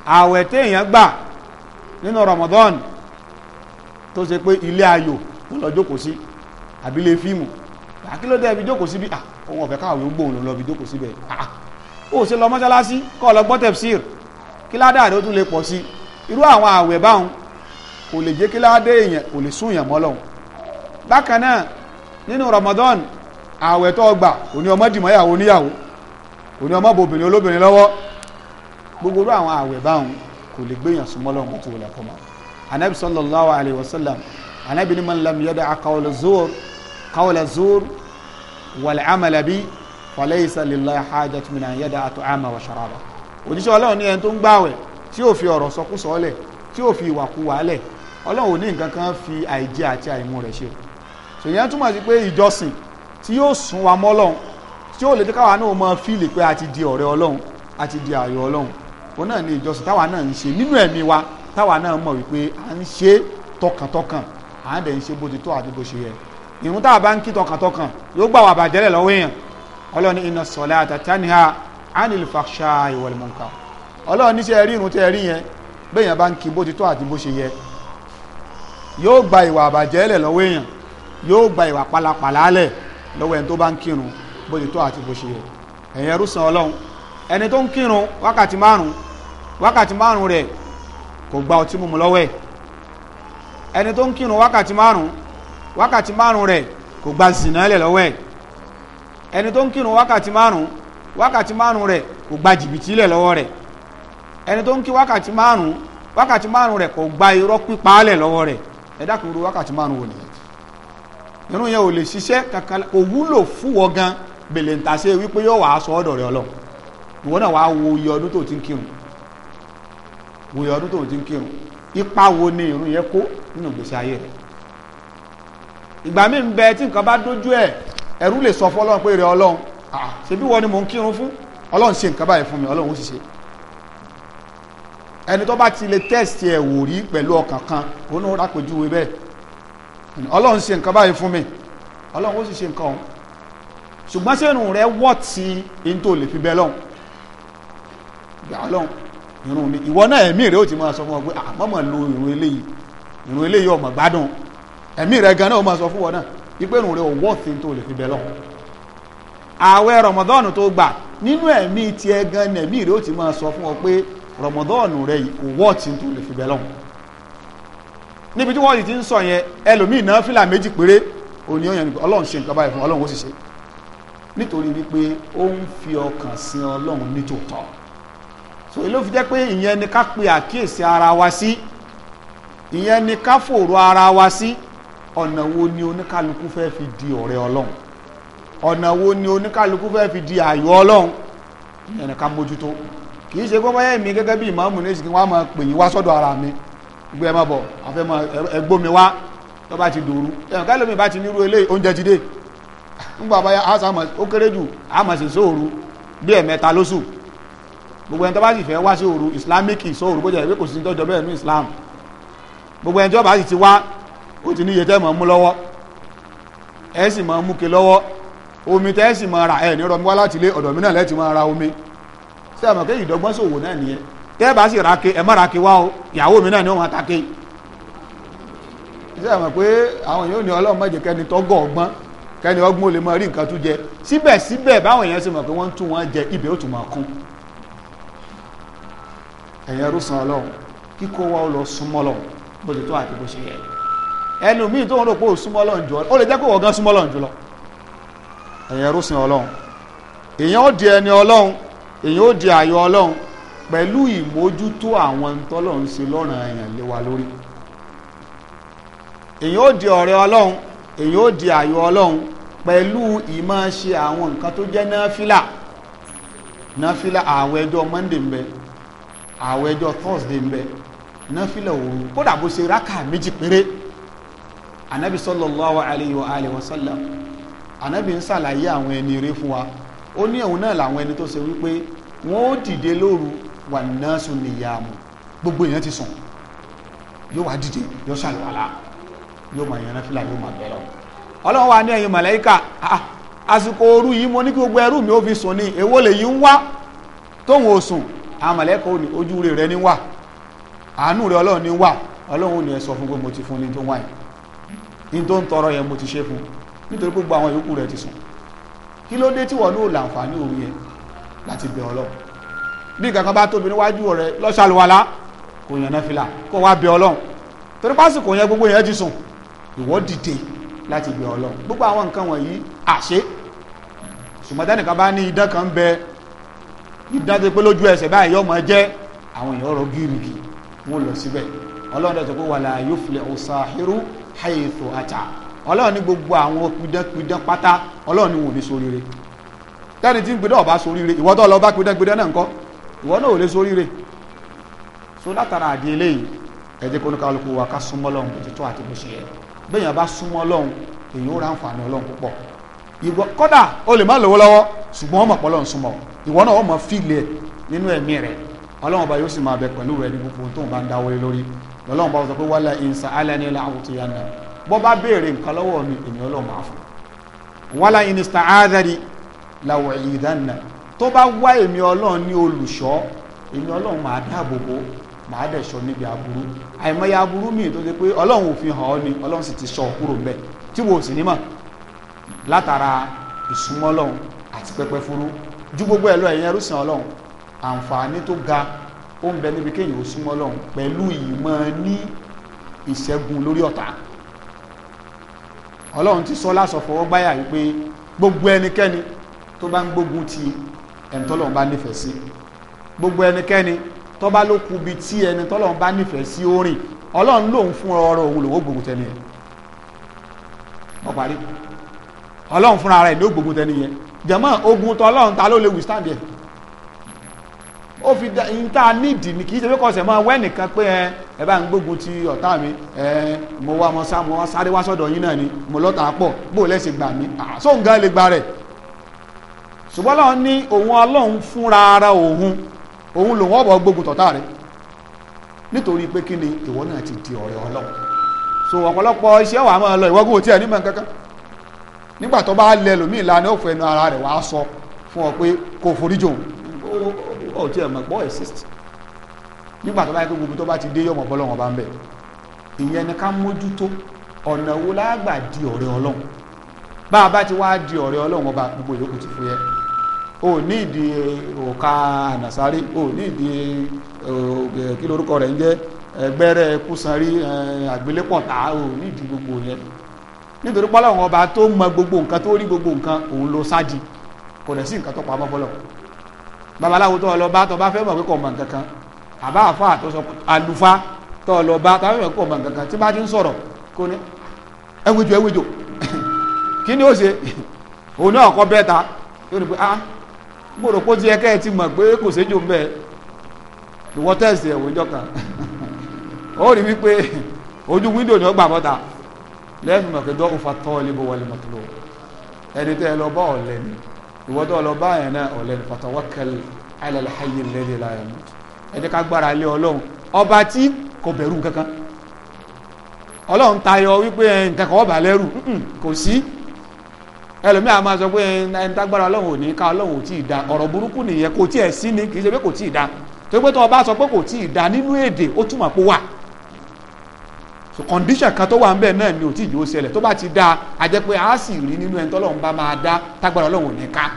àwẹ̀ téèyàn gbà nínú Ramadan tó ṣe pé ilé ayò ló lọ sí àbílẹ̀ fíìmù àkílódé ah, ibi jókòó síbi ah òun ọ̀fẹ́ káwé ó gbóhùn lọ ibi jókòó síbẹ̀ à ah, ah. ó ṣe lọ mọ́ṣáláṣí kọ́ lọ gbọ́ tẹ̀síìr kí ládàá rẹ ó tún lè pọ̀ sí irú àwọn àwẹ̀ báwọn kò lè jẹ́ kí ládé èèyàn kò lè sún èèyàn mọ́lọ́hun bákan náà nínú Ramadan àwẹ̀ tó gbà kò ní ọmọ dìmọ́yàwó níyàwó kò ní ọmọ bòbìnrin olóbìnrin lọ́wọ́ gbogbo irú àwọn àwẹ̀ báwọn kò lè gbéyàn sún mọ́lọ́hun mọ́tò wọlé kọ́mọ́ anabi sallallahu alayhi wa sallam anabi ni man lam yada akawolo zuur قول الزور والعمل به فليس لله حاجة من أن يدع طعامه وشرابه òjíṣẹ́ ọlọ́run ní ẹni tó ń gbààwẹ̀ tí ò fi ọ̀rọ̀ sọkúsọ lẹ̀ tí ò fi ìwàkuwà lẹ̀ ọlọ́run ò ní nǹkan kan fi àìjẹ àti àìmu rẹ̀ ṣe ṣèyàn túmọ̀ sí pé ìjọsìn tí yóò sún wa mọ́ ọlọ́run tí yóò lè jẹ́ káwa náà mọ fíìlì pé a ti di ọ̀rẹ́ ọlọ́run a di ààyò ọlọ́run òun náà ni ìjọsìn táwa náà ń ṣe nínú ẹ̀mí wa táwa náà mọ̀ wípé à ń ṣe tọkàntọkàn à ń dẹ̀ ń ṣe bó ti tó àti bó ṣe yẹ ìrun tá a bá ń kí tọkàntọkàn yóò gbà wà bàjẹ́lẹ̀ lọ́wọ́ èèyàn ọlọ́ni inna salata tanha anil fahsha'i wal munkar ọlọ́ni ṣe rí ìrun tẹ́ rí yẹn béèyàn bá ń kí bó ti tọ́ àti bó ṣe yẹ yóò gba ìwà àbàjẹ́lẹ̀ lọ́wọ́ èèyàn yóò gba ìwà pálapàla lẹ̀ lọ́wọ́ ẹni tó ń kírun bó ti tọ́ àti bó wákàtí márùn rẹ̀ kò gba zìnà lẹ̀ lọwọ ẹ̀ ẹni tó ń kírun wákàtí márùn wákàtí márùn rẹ̀ kò gba jìbìtì lẹ̀ lọ́wọ́ rẹ̀ ẹni tó ń kí wákàtí márùn wákàtí márùn rẹ̀ kò gba irọ́ pípa lẹ̀ lọ́wọ́ rẹ̀ ẹ dákun ru wákàtí márùn wò nìyẹn irun yẹn ò lè kankan kò wúlò fún gan gbèlè ń wípé sọ ọdọ ọlọ ìwọ náà wàá wo iye ọdún ti ń kírun wo iye ọdún ti ń kírun ipa wo ni yẹn kó nínú ìgbésí ìgbà mi ń bẹ tí nǹkan bá dójú ẹ̀ ẹ̀rú lè sọ fọlọ́run pé rẹ ọlọ́run ah, ah, ṣebí wọ́n ni mò ń kírun fún ọlọ́run ṣe nǹkan báyìí fún mi ọlọ́run ó sì ṣe ẹni tó bá ti lè tẹ́sì ẹ̀ wò rí pẹ̀lú ọkàn kan ó ní rápèjúwe bẹ́ẹ̀ ọlọ́run ṣe nǹkan báyìí fún mi ọlọ́run ó sì ṣe nǹkan ọ̀hún ṣùgbọ́n sẹ́nu rẹ wọ́ ti in tó lè fi bẹ́ lọ́hùn gbà ọlọ́run irun mi ìwọ náà ẹ̀mí rẹ ó ti máa sọ fún ọ pé àmọ́mọ́ ah, lo irun eléyìí irun eléyìí ọmọ gbádùn ẹ̀mí rẹ̀ gan náà ó máa sọ fún wọn náà ipe ìrùn rẹ̀ ò wọ́ọ̀tì tó lè fi bẹ̀ lọ. ààwẹ̀ tó gbà nínú ẹ̀mí ẹ gan ni ẹ̀mí rẹ̀ ó ti máa sọ fún ọ pé rọmọdọ́ọ̀nù rẹ̀ ò wọ́ọ̀tì tó lè fi bẹ̀ lọ. níbi tí ti ń sọ yẹn ẹlòmíì méjì péré ṣe báyìí fún ọlọ́run ó sì ṣe ọ̀nà wo ni oníkálukú fẹ́ fi di ọ̀rẹ́ ọlọ́run ọ̀nà wo ni oníkálukú fẹ́ fi di àyò ọlọ́run ẹnìkan mójútó kì í ṣe pé báyẹ̀ mi gẹ́gẹ́ bí ìmáàmù ní ìsìnkú wa máa pè yín wá sọ́dọ̀ ara mi gbé ẹ má bọ̀ àfẹ́ mọ ẹgbó mi wá tó bá ti dòru bá ti nírú eléyìí oúnjẹ ti dé nígbà ó kéré jù sí sóòru bí lóṣù gbogbo ẹni tó bá sì fẹ́ wá islamic sóòru kò sí tọ́jọ́ bẹ́ẹ̀ ní islam gbogbo ẹni tó ó ti níye tẹ́ mọ̀ mú lọ́wọ́ ẹ sì mọ̀ mú ke lọ́wọ́ omi tẹ́ sì mọ̀ ra ẹ̀ ní ọ̀dọ̀ mi wá láti ilé ọ̀dọ̀ mi náà lẹ́ti mọ̀ ra omi ṣé àmọ̀ kéyìí ìdọ́gbọ́n ṣòwò náà nìyẹn tẹ́ bá sì ra ke ẹ má ra ke wá o ìyàwó mi náà ni ó máa ta ke ṣé àmọ̀ pé àwọn yóò ní ọlọ́run má jẹ́ kẹ́ni tọ́gọ̀ ọgbọ́n kẹ́ni ọgbọ́n ò lè máa rí nǹkan tún jẹ síbẹ̀síbẹ̀ báwọn èèyàn ṣe mọ̀ pé wọ́n tún wọn jẹ ibẹ̀ ó tún máa kún ẹ̀yẹn rúsan ọlọ́run kíkó wa ó lọ súnmọ́ lọ bó ti tó àti bó ṣe yẹ ẹnu míì tó ń rò pé ò súnmọ́ lọ́n jù ó lè jẹ́ kó ọ̀gán súnmọ́ lọ́n jù lọ ẹ̀yẹn rúsìn ọlọ́run èèyàn ó di ẹni ọlọ́run èèyàn ó di àyọ ọlọ́run pẹ̀lú ìmójútó àwọn ntọ́lọ̀ ń ṣe lọ́ràn èèyàn lé wa lórí èèyàn ó di ọ̀rẹ́ ọlọ́run èèyàn ó di àyọ ọlọ́run pẹ̀lú ìmọ̀ ṣe àwọn nǹkan tó jẹ́ náfìlà náfìlà àwọn ẹjọ́ Monday ń bẹ àwọn ẹjọ́ Thursday ń bẹ náfìlà òru kódà bó ṣe rákà méjì péré anabi sallallahu alayhi wa alayhi wa sallam anabi ń ṣàlàyé àwọn ẹni rí fún wa ó ní òun náà làwọn ẹni tó ṣe wípé wọn ó dìde lóru wà náà sùn níyàmù gbogbo èèyàn ti sùn yóò wá dìde yóò ṣàlùwàlà yóò máa yànnà fìlà yóò máa bẹ̀rẹ̀ ọlọ́run wa ní ẹ̀yin màláíkà àsìkò òru yìí mo ní kí gbogbo ẹrú mi ó fi sùn ni èwo lè yí ń wá tóun ò sùn àwọn màláíkà ò ní ojú rẹ̀ ní wà àánú rẹ̀ ọlọ́run ní wà ọlọ́run ò ní ẹ sọ fún pé mo ti fún ní tó wáyìí in tó ń tọrọ yẹn mo ti ṣe fún nítorí gbogbo àwọn yòókù rẹ̀ ti sùn kí ló dé tí wọ́n lóò làǹfààní òun yẹn láti bẹ̀ ọlọ́run bí nǹkan kan bá tóbi níwájú rẹ̀ lọ́ṣàlùwàlá kò yàn náà fìlà kó wá bẹ̀ ọlọ́run torí pásìkò yẹn gbogbo yẹn ti sùn ìwọ dìde láti bẹ̀ ọlọ́run gbogbo àwọn nǹkan wọ̀nyí àṣe ṣùgbọ́n tẹ́nìkan bá ní idán kan bẹ idán tó pé lójú ẹsẹ̀ báyìí yọmọ jẹ́ àwọn èèyàn rọ gírì wọn lọ síbẹ̀ ọlọ́run dẹ̀ sọ pé wàlà yuflihu sahiru haythu ata ọlọ́run ní gbogbo àwọn pidánpidán pátá ọlọ́run ní wò ní soríire tẹ́ni tí ń gbedán ọba soríire ìwọ tó lọ bá pidánpidán náà ń kọ́ ìwọ náà ò lè soríire so látara àdí eléyìí ẹ jẹ́ kónú kálukú wa ká súnmọ́ lọ́hùn bó ti tó àti bó ṣe yẹ bẹ́ẹ̀ yẹn bá súnmọ́ lọ́hùn èyí ó ra àǹfààní ọlọ́hùn púpọ̀ ìwọ kọ́dà o lè má lówó lọ́wọ́ ṣùgbọ́n ọmọ pọ̀ lọ́hùn súnmọ́ ìwọ náà ọmọ fíìlì nínú ẹ̀mí rẹ̀ ọlọ́run ọba lọ́lọ́run bá sọ pé wala in sa'alani la'utiyanna bọ́ bá béèrè nǹkan lọ́wọ́ mi èmi ọlọ́run máa fún wala in ista'adhani la'u'idanna tó bá wá èmi ọlọ́run ní olùṣọ́ èmi ọlọ́run máa dáàbò bò máa dẹ̀ ṣọ́ níbi aburú àìmọye aburú míì tó ṣe pé ọlọ́run ò fi hàn ọ́ ni ọlọ́run sì ti ṣọ́ kúrò ńbẹ̀ tí wo sì ní mọ̀ látara ìsúnmọ́ ọlọ́run àti pẹ́pẹ́ fúrú ju gbogbo ẹ̀ lọ ẹ̀yìn ọlọ́run àǹfààní tó ga ó ń bẹ níbi kéèyàn ó súnmọ́ Ọlọ́run pẹ̀lú ìmọ̀ ní ìṣẹ́gun lórí ọ̀tá Ọlọ́run ti sọ lásọ fọwọ́ gbáyà wípé gbogbo ẹnikẹ́ni tó bá ń gbógun ti ẹni tọ́lọ́run bá nífẹ̀ẹ́ sí gbogbo ẹnikẹ́ni tó bá ló kubi tí ẹni tọ́lọ́run bá nífẹ̀ẹ́ sí ó rìn Ọlọ́run lòun fún ọrọ̀ òun lòun ó gbógun tẹni ẹ̀ ó parí Ọlọ́run fúnra rẹ̀ ló gbógun tẹni yẹn jẹ̀mọ́ ogun tọ́lọ́run ta ló lè withstand yẹn ó fi da yín tá a nídìí ni kì í ṣe pé kọsẹ̀ máa pé ẹ ẹ bá ń gbógun ti ọ̀tá mi ẹ mo wá mo sá mo wá sáré wá sọ́dọ̀ yín náà ni mo lọ́ta pọ̀ bó o lẹ́sẹ̀ gbà mí àṣọ lè gba rẹ̀ ṣùgbọ́n lọ́wọ́ ní òun ọlọ́run fúnra ara òun òun lòun ọ̀bọ̀ gbógun rẹ̀ nítorí pé kí ni náà ti di ọ̀rẹ́ ọlọ́run ọ ọ̀ tí ẹ̀ mọ̀ pọ̀ exist nígbà tó bá yẹ kó gbogbo tó bá ti dé yọ̀mọ̀ bọ́lọ́wọ́n bá ń bẹ̀ ìyẹn ni ká mójútó ọ̀nà wo lágbà di ọ̀rẹ́ ọlọ́run bá a bá ti wá di ọ̀rẹ́ ọlọ́run ọba gbogbo ìyókù ti fúyẹ́ o ní ìdí òka ànàsáré o ní ìdí eh, kí lorúkọ rẹ̀ ń jẹ́ ẹgbẹ́rẹ́ kúsanrí eh, àgbélépọ̀tà o ní ìdí gbogbo yẹn nítorí pọ́lọ́run ọba tó mọ gbogbo nǹkan tó rí gbogbo nǹkan òun ló sáájì kò dẹ̀ sí nǹkan tó pa mọ́ bọ́lọ́run babaláwo tó lọ bá tó bá fẹ́ mọ̀ pé kò mọ̀ nǹkan kan àbá àfa tó sọ àlùfá tó lọ bá tó bá fẹ́ mọ̀ pé ni ó ṣe <laughs> òun náà ah kó ti mọ̀ pé kò séjò ń bẹ̀ tẹ̀sí kan <laughs> ó rí wípé <laughs> ni ó gbà lẹ́yìn ìwọ́dọ̀ lọ báyẹn náà ọ̀lẹ́ fatawakkal ala al-hayy alladhi la yamut ẹ jẹ́ ká gbára lé ọlọ́run ọba tí kò bẹ̀rù kankan ọlọ́run tayọ wípé nǹkan kan ọba lẹ́rù kò sí ẹlòmí àwọn máa sọ pé ẹni tágbára ọlọ́run ò ní ká ọlọ́run ò tí ì da ọ̀rọ̀ burúkú nìyẹn kò tí ẹ̀ sí ni kì í ṣe pé kò tí ì da torí pé tó o sọ pé kò tí ì da nínú èdè ó túmọ̀ pé wà so condition kan tó wà ń bẹ̀ náà ni ò tí ìjó ṣẹlẹ̀ tó bá ti dáa a jẹ́ pé a sì rí nínú ẹni tọ́lọ́run bá máa dá tágbára ọlọ́run ò ní ká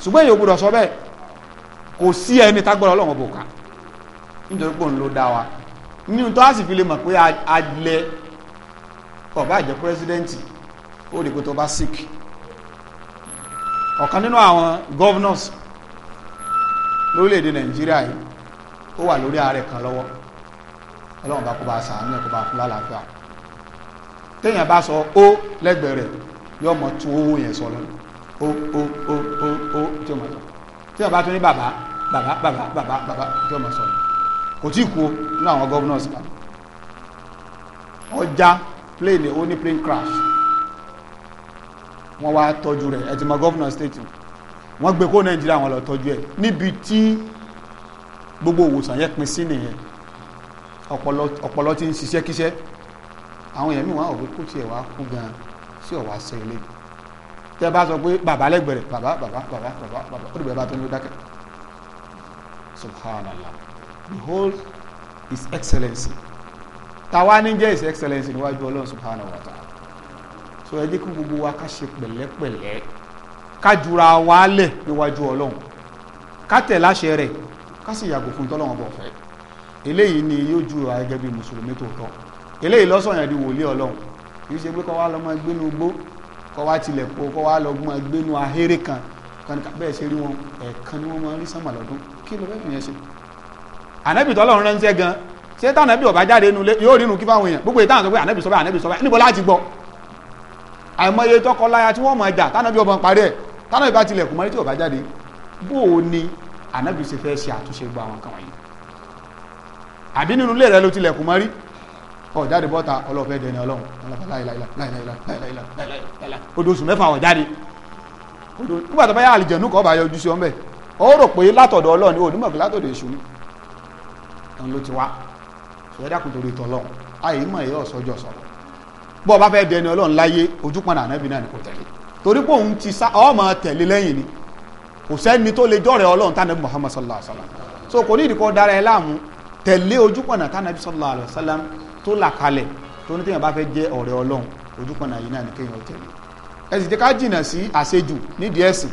ṣùgbọ́n èyí ò gbọdọ̀ sọ bẹ́ẹ̀ kò sí ẹni tágbára ọlọ́run bò ká nítorí pé òun ló dá wa nínú tó a sì fi lè mọ̀ pé a lẹ ọba àjẹ pírẹsidẹ́ǹtì ó rí i pé tó bá sick ọ̀kan nínú àwọn governors lórílẹ̀‐èdè nàìjíríà yìí ó wà lórí ààrẹ kan lọ́wọ́ ọlọ́run bá kó bá sàánú ẹ̀ kó bá fún lálàáfíà téèyàn bá sọ ó lẹ́gbẹ̀ẹ́ rẹ̀ yóò mọ̀ tún owó yẹn sọ lọ́nà ó ó ó ó ó tí ó mọ̀ sọ téèyàn bá tún ní bàbá bàbá bàbá bàbá bàbá tí ó mọ̀ sọ lọ́nà kò tí ì kú nínú àwọn governors kan ọjà plane ó ní plane crash wọ́n wá tọ́jú rẹ̀ ẹ̀ ti mọ governor state wọ́n gbé kó nàìjíríà wọn lọ tọ́jú ẹ̀ níbi tí gbogbo òwòsàn yẹn pín sí nìyẹn ọpọlọ ti ń ṣiṣẹ́ kíṣẹ́ àwọn èèyàn mìíràn òwe kó tiẹ̀ wá kú gan sí ọ̀wá ṣe ilé tẹ́ bá sọ pé bàbá lẹ́gbẹ̀rẹ̀ bàbá bàbá bàbá bàbá bàbá ó dìbò ẹ̀ bá tó ní ó subhanallah behold his excellency tàwa ní jẹ́ his excellency níwájú ọlọ́run subhanahu wa ta'ala so ẹ jẹ́ kí gbogbo wa ká ṣe pẹ̀lẹ́pẹ̀lẹ́ ká jura wa lẹ̀ níwájú ọlọ́run ká tẹ̀ láṣẹ rẹ̀ ká sì yàgò fún tọ́lọ́run ọba ọ̀fẹ́ eléyìí ni yóò ju àgẹ́ bí mùsùlùmí tòótọ́ eléyìí lọ́sọ̀yàn di wòlíì ọlọ́run kìí ṣe pé kọ́ wá lọ máa gbénu gbó kọ́ wá tilẹ̀ po kọ́ wá lọ máa gbénu ahéré kan kan ṣe rí wọn ẹ̀ẹ̀kan ni wọ́n máa rí sánmà lọ́dún kí ló fẹ́ fìyẹn ṣe ànábì tọ́lọ́run ránṣẹ́ gan ṣé táwọn ànábì ọba jáde nulẹ̀ yóò rínu kí fáwọn èèyàn gbogbo ìtàn sọ pé ànábì sọ bẹ́ẹ̀ ànábì sọ bẹ́ẹ̀ níbo láti gbọ́ àìmọye tọkọláya tí wọ́n máa jà tánàbí ọba parí ẹ̀ tánàbí bá tilẹ̀ kùmọ́rí tí ọba jáde bó o ni ànábì ṣe fẹ́ ṣe àtúnṣe gbọ́ àwọn kan wọ̀nyí àbí nínú ilé rẹ ló tilẹ̀kùn mọ́ rí ọ̀ jáde bọ́ta ọlọ́fẹ́ dẹni ọlọ́run odò oṣù mẹ́fà ọ̀ jáde nígbà tó bá yá àlìjẹ̀nú kọ́ bá yọ ojú sí ọmọ ẹ̀ ọ rò pé látọ̀dọ̀ ọlọ́run ò nímọ̀ pé látọ̀dọ̀ èṣù ni òun ló ti wá ṣùgbọ́n dákun torí ìtọ́ ọlọ́run ayé mọ̀ ẹ̀yọ́ sọ́jọ́ sọ̀rọ̀ bọ́ ọ bá fẹ́ so kò ní ìdíkọ́ tẹ̀lé ojúpọ̀nà tánàbí sallallahu alaihi wasallam tó là kalẹ̀ tó ní téèyàn bá fẹ́ jẹ́ ọ̀rẹ́ ọlọ́run ojúpọ̀nà yìí náà ní kéèyàn tẹ̀lé ẹ sì jẹ́ ká jìnà sí àṣejù nídìí ẹ̀sìn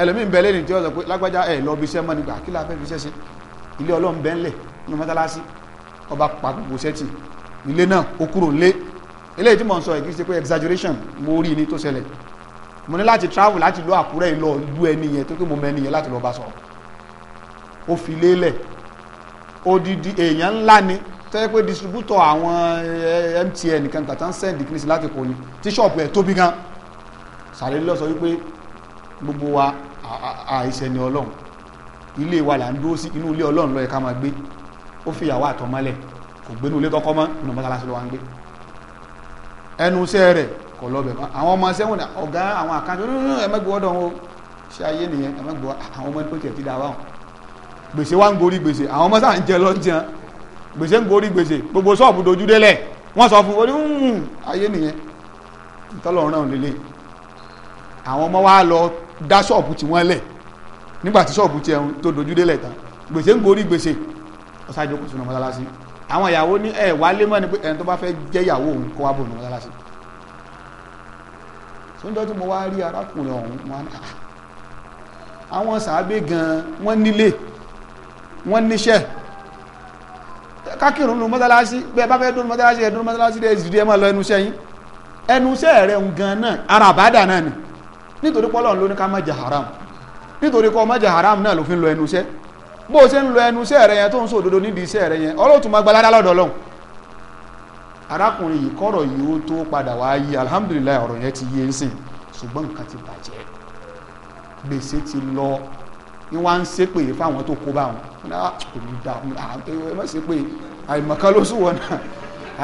ẹlòmíín bẹ́ẹ̀ lẹ́ni tí ó sọ pé lágbájá ẹ̀ lọ bí iṣẹ́ mọ́ nígbà kí la fẹ́ fi iṣẹ́ ṣe ilé ọlọ́run bẹ́ẹ̀ ńlẹ̀ ní mọ́tálásí ọba pa gbogbo iṣẹ́ ilé náà ó kúrò ńlé eléyìí tí mo ń sọ èkìtì pé exaggeration mo rí i ní tó ṣẹlẹ̀ mo ní láti travel láti lọ àkúrẹ́ ìlọ ìlú ẹni yẹn tó pé mo mẹ́ni yẹn láti lọ bá sọ̀rọ̀ ó fi lélẹ̀ odidi èèyàn ńlá ni tó yẹ pé distributor àwọn eh, MTN kan kàtà ń sẹ́ndì kìnìsì láti kò ní tí ṣọ́ọ̀bù ẹ̀ tóbi gan sàrẹ́ lọ sọ wípé gbogbo wa àìṣẹ̀ ni ọlọ́run ilé wa là ń dúró sí inú ilé ọlọ́run ló yẹ ká máa gbé ó fi ìyàwó àtọmọ́lẹ̀ kò gbénú ilé tọkọ mọ́ inú mọ́sálásí ló wá ń gbé ẹnu iṣẹ́ rẹ̀ kọ̀ lọ́bẹ̀ mọ́ àwọn ọmọ sẹ́wọ̀n ọ̀gá àwọn àkáńtì ẹ̀mẹ́gbọ́ ọ̀dọ̀ wọn ṣe ayé nìyẹn ẹ̀mẹ́gbọ́ àwọn ọmọ ẹni tó tiẹ̀ ti dá wáhùn gbèsè wá ń gorí gbèsè àwọn ọmọ sáà ń jẹ lọ́njẹ́ gbèsè ń gorí gbèsè gbogbo ṣọ́ọ̀bù dojú délẹ̀ wọ́n sọ fún oníhùn ayé nìyẹn tọ́lọ̀ ràn lélẹ̀ àwọn ọmọ wa lọ dá ṣọ́ọ̀bù tí wọ́n lẹ̀ nígbà tí ṣọ́ọ̀bù tí ẹ̀hún tó dojú délẹ̀ tán gbèsè ń gorí gbèsè ọ̀sájú kò sínú mọ́sálásí àwọn ìyàwó ní ẹ̀ wá lé mọ́ ni pé ah, ah. àwọn sàábé gan wọ́n nílé wọ́n níṣẹ́ kákìrún nu mọ́sálásí bẹ́ẹ̀ bá fẹ́ dúró mọ́sálásí ẹ̀ dúró mọ́sálásí ẹ̀ zìdí ẹ̀ máa lọ ẹnu iṣẹ́ yín ẹnu iṣẹ́ rẹ̀ ń gan náà ara àbádà náà ni nítorí pé Ọlọ́run ló ká má haram nítorí kọ́ má haram náà ló fi ń lọ ẹnu bó o ṣe ń lọ ẹnu iṣẹ́ yẹn tó ń sòdodo nídìí iṣẹ́ rẹ yẹn ọlọ́tún máa gbalada lọ́dọ̀ Ọlọ́run ní wá ń ṣépè fáwọn tó kó bá wọn òun ah, dà ah, ẹ má ṣépè àìmọ̀kan ló sùn wọn náà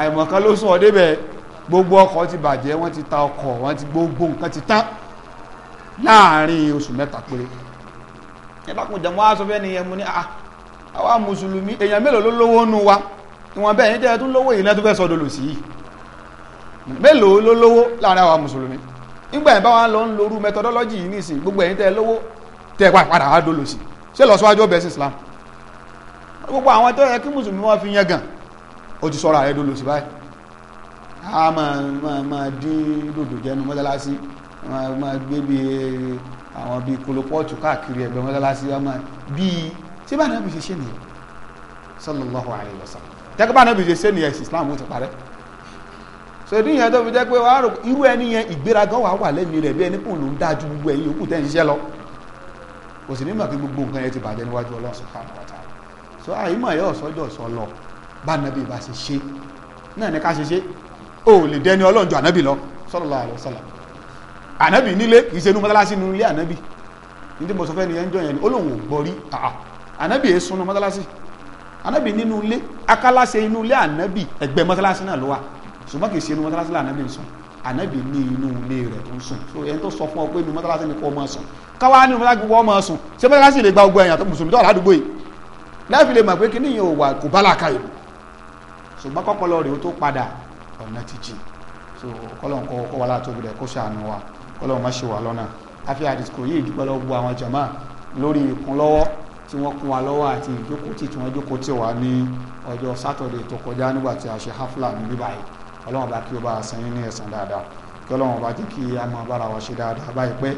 àìmọ̀kan ló sùn ọ débẹ̀ gbogbo ọkọ̀ ti bàjẹ́ wọ́n ti ta ọkọ̀ wọ́n ti gbogbo nǹkan ti tán láàrin oṣù mẹ́ta péré ẹ bá kún jẹ mọ́ aṣọ fẹ́ni ẹmu ní ah, àwa mùsùlùmí èèyàn mélòó ló lówó nú wa ìwọ̀n bẹ́ẹ̀ ní tẹ́ tún lówó ìlẹ́ tó fẹ́ sọ́dọ̀ lò sí mélòó ló lówó láàrin àwa mùsùlùmí nígbà yẹn lọ ń lorú methodology yìí nìsín gbogbo ẹ̀yin tẹ́ lówó tẹ́ ẹ padà wá dó lòsì ṣé lọ síwájú ọbẹ̀ sí islam gbogbo àwọn tó yẹ kí mùsùlùmí wọn fi yẹn gàn ó ti sọ̀rọ̀ àrẹ dó lòsì báyìí a máa máa máa dín dòdò jẹnu mọ́tálásí máa gbé bí àwọn bíi kolopọ́ọ̀tù káàkiri ẹ̀gbẹ́ mọ́tálásí máa bíi tí bá nàbì ṣe ṣe nìyẹn sallallahu alayhi wa sallam tẹ́kọ̀ bá nàbì ṣe ṣe nìyẹn sí islam ó ti parẹ́ sọdún yẹn tó fi jẹ́ pé irú ẹni yẹn ìgbéraga wà wà lẹ́nu rẹ̀ bí ẹni kò ló ń dájú gbogbo ẹ̀yìn yòókù tẹ́ ń ṣiṣẹ́ lọ kò sì ní mọ̀ pé gbogbo nǹkan yẹn ti bàjẹ́ níwájú ọlọ́run subhanahu wa ta'ala so àyímọ̀ yóò sọ́jọ́ sọlọ bá nàbí bá ṣe ṣe náà ní ká ṣe ṣe ó lè dẹni ọlọ́run ju ànábì lọ sallallahu alaihi wasallam ànábì nílé kì í ṣe inú mọ́tálásí inú ilé ànábì ní tí mo sọ fẹ́ ni ẹnjọ́ yẹn ni ó lóun ò gbọ́rí ànábì èé súnú mọ́tálásí ànábì nínú ilé akálàṣe inú ilé ànábì ẹ̀gbẹ́ mọ́tálásí náà ló wà ṣùgbọ́n kì í ṣe inú mọ́tálásí là ànábì ń sùn ànábì ní inú ilé rẹ̀ tó ń sùn so ẹni tó sọ fún ọ pé inú mọ́tàlásì ni kò mọ̀ sùn káwá ní mọ́tàlásì gbogbo ọmọ sùn ṣé mọ́tàlásì lè gba ogun ẹ̀yàn tó mùsùlùmí tó wà ládùúgbò yìí láìfi lè mọ̀ pé kíní yìí ò wà kò bá làkà ìlú ṣùgbọ́n kọ́pọ̀lọ́ rèé tó padà ọ̀nà ti jìn so kọ́lọ́n kọ́ kọ́ wa látòbi rẹ̀ kó ṣàánú wa kọ́lọ́n má ṣe wà lọ́nà àfi àdìsíkò yìí dúpẹ́ lọ́wọ́ gbogbo àwọn jàmáà lórí ìkúnlọ́wọ́ tí wọ́n kún wa lọ́wọ́ àti ìjókòó tí wọ́n jókòó tí wà ní ọjọ́ sátọ̀dẹ̀ tó kọjá nígbà tí a ṣe hafla ní bíbáyìí ọlọ́run bá kí o bá san yín ní ẹ̀san dáadáa kí ọlọ́run bá jẹ́ kí a máa bára wa ṣe dáadáa báyìí pé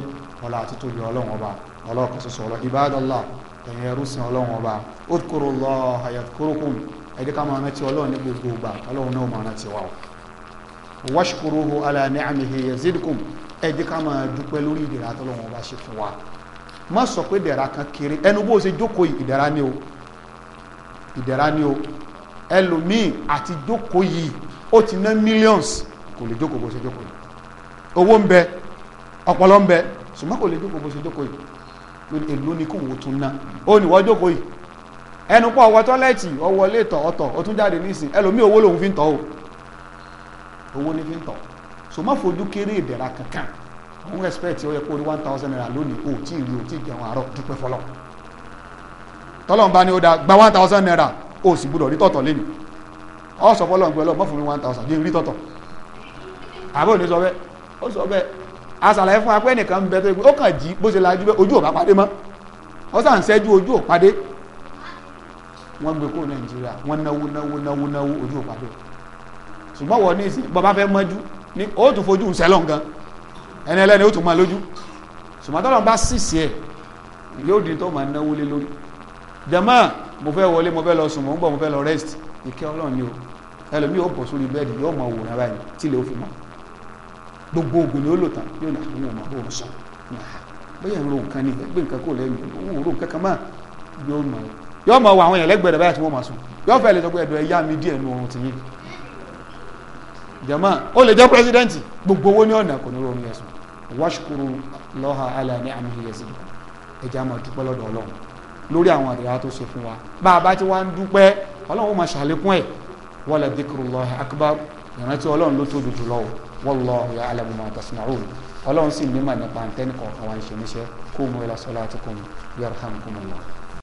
ọlá àti tóbi ọlọ́run ọba ọlọ́ọ̀kan ṣoṣo ọlọ́ ibadallah ẹ̀yin ẹrú sin ọlọ́run ọba udkurullaha yadhkurukum ẹ̀dí ká máa rántí ọlọ́run ní gbogbo ìgbà ọlọ́run náà máa rántí wa o washkuruhu ala ni'amihi yazidkum ẹ̀dí ká máa dúpẹ́ lórí ìdẹ̀ra tọ́lọ́run ọba ẹlòmíì àti jókòó yìí ó ti ná millions kò lè jókòó bó ṣe jókòó yìí owó ń bẹ ọpọlọ ń bẹ ṣùgbọ́n kò lè jókòó bó ṣe jókòó yìí èlò ní kò wò tún ná ó ní wọ́n jókòó yìí ẹnu pọ̀ ọwọ́ tọ́lẹ́ẹ̀tì ọwọ́ ilé ìtọ̀ ọ̀tọ̀ ó tún jáde nísìn ẹlòmíì owó lòun fi ń tọ́ o owó ní fi ń tọ́ so má fojú kéré ìdẹ̀ra kankan àwọn expect ó yẹ kó rí one thousand naira lónìí o tí ì o tí ì jẹun àárọ̀ dúpẹ́ fọlọ́ tọ́lọ́mùbá ni ó da gba one thousand naira o sì gbúdọ̀ rí tọ̀tọ̀ lẹ́nu ọ sọ fọlọ́ gbẹ́lọ́ mọ́ fún one thousand ní rí tọ̀tọ̀ àbẹ́ òní sọ bẹ́ẹ̀ ó sọ bẹ́ẹ̀ asàlàyé fún apẹ́ nìkan ń bẹ tó ó kàn jí bó ṣe lajú bẹ́ẹ̀ ojú ò bá pàdé mọ́ ó sàn ṣẹ́jú ojú ò pàdé wọ́n gbé kúrò nàìjíríà wọ́n náwó náwó náwó náwó ojú ò pàdé ṣùgbọ́n wọ́n ní ìsìn bọ́ba fẹ́ mọ́jú ní ó tún fojú ń sẹ́lọ̀ gan ẹni ẹlẹ́ni ó tún máa lójú ṣùgbọ́n tọ́lọ́ bá sísì ẹ̀ yóò di tó máa náwó lé lórí jẹ́mọ́ mo ìkẹ́ ọlọ́run ni o ẹlòmíì ó bọ̀ sórí bẹ́ẹ̀dì yóò mọ òwòrán báyìí tí ilé ó fi mọ́ gbogbo ògùn ni ó lò tán yóò náà òun ò mọ̀ bóun sọ bóyá ń ro nǹkan ni gbé nǹkan kò lẹ́yìn òun ò ro nǹkan kan máa yóò mọ̀ yóò mọ̀ wọ àwọn èèyàn lẹ́gbẹ̀rẹ̀ báyà tí wọ́n máa sùn yóò fẹ́ lè sọ pé ẹ̀dọ̀ ẹ̀yá mi díẹ̀ nu oorun tìyín jama ó lè jẹ́ pírẹsidẹ́ǹtì gbogbo owó ní ọ̀nà kò ní rọrùn yẹn wala dhikrullahi akbar ìrántí ọlọ́run ló tóbi jùlọ o wallahu ya'lamu ma tasna'un ọlọ́run sì ní mà nípa ntẹ́nìkọ̀ọ̀kan wa ń ṣe níṣẹ́ kó mú ẹ lọ salatikum yarhamkumullah.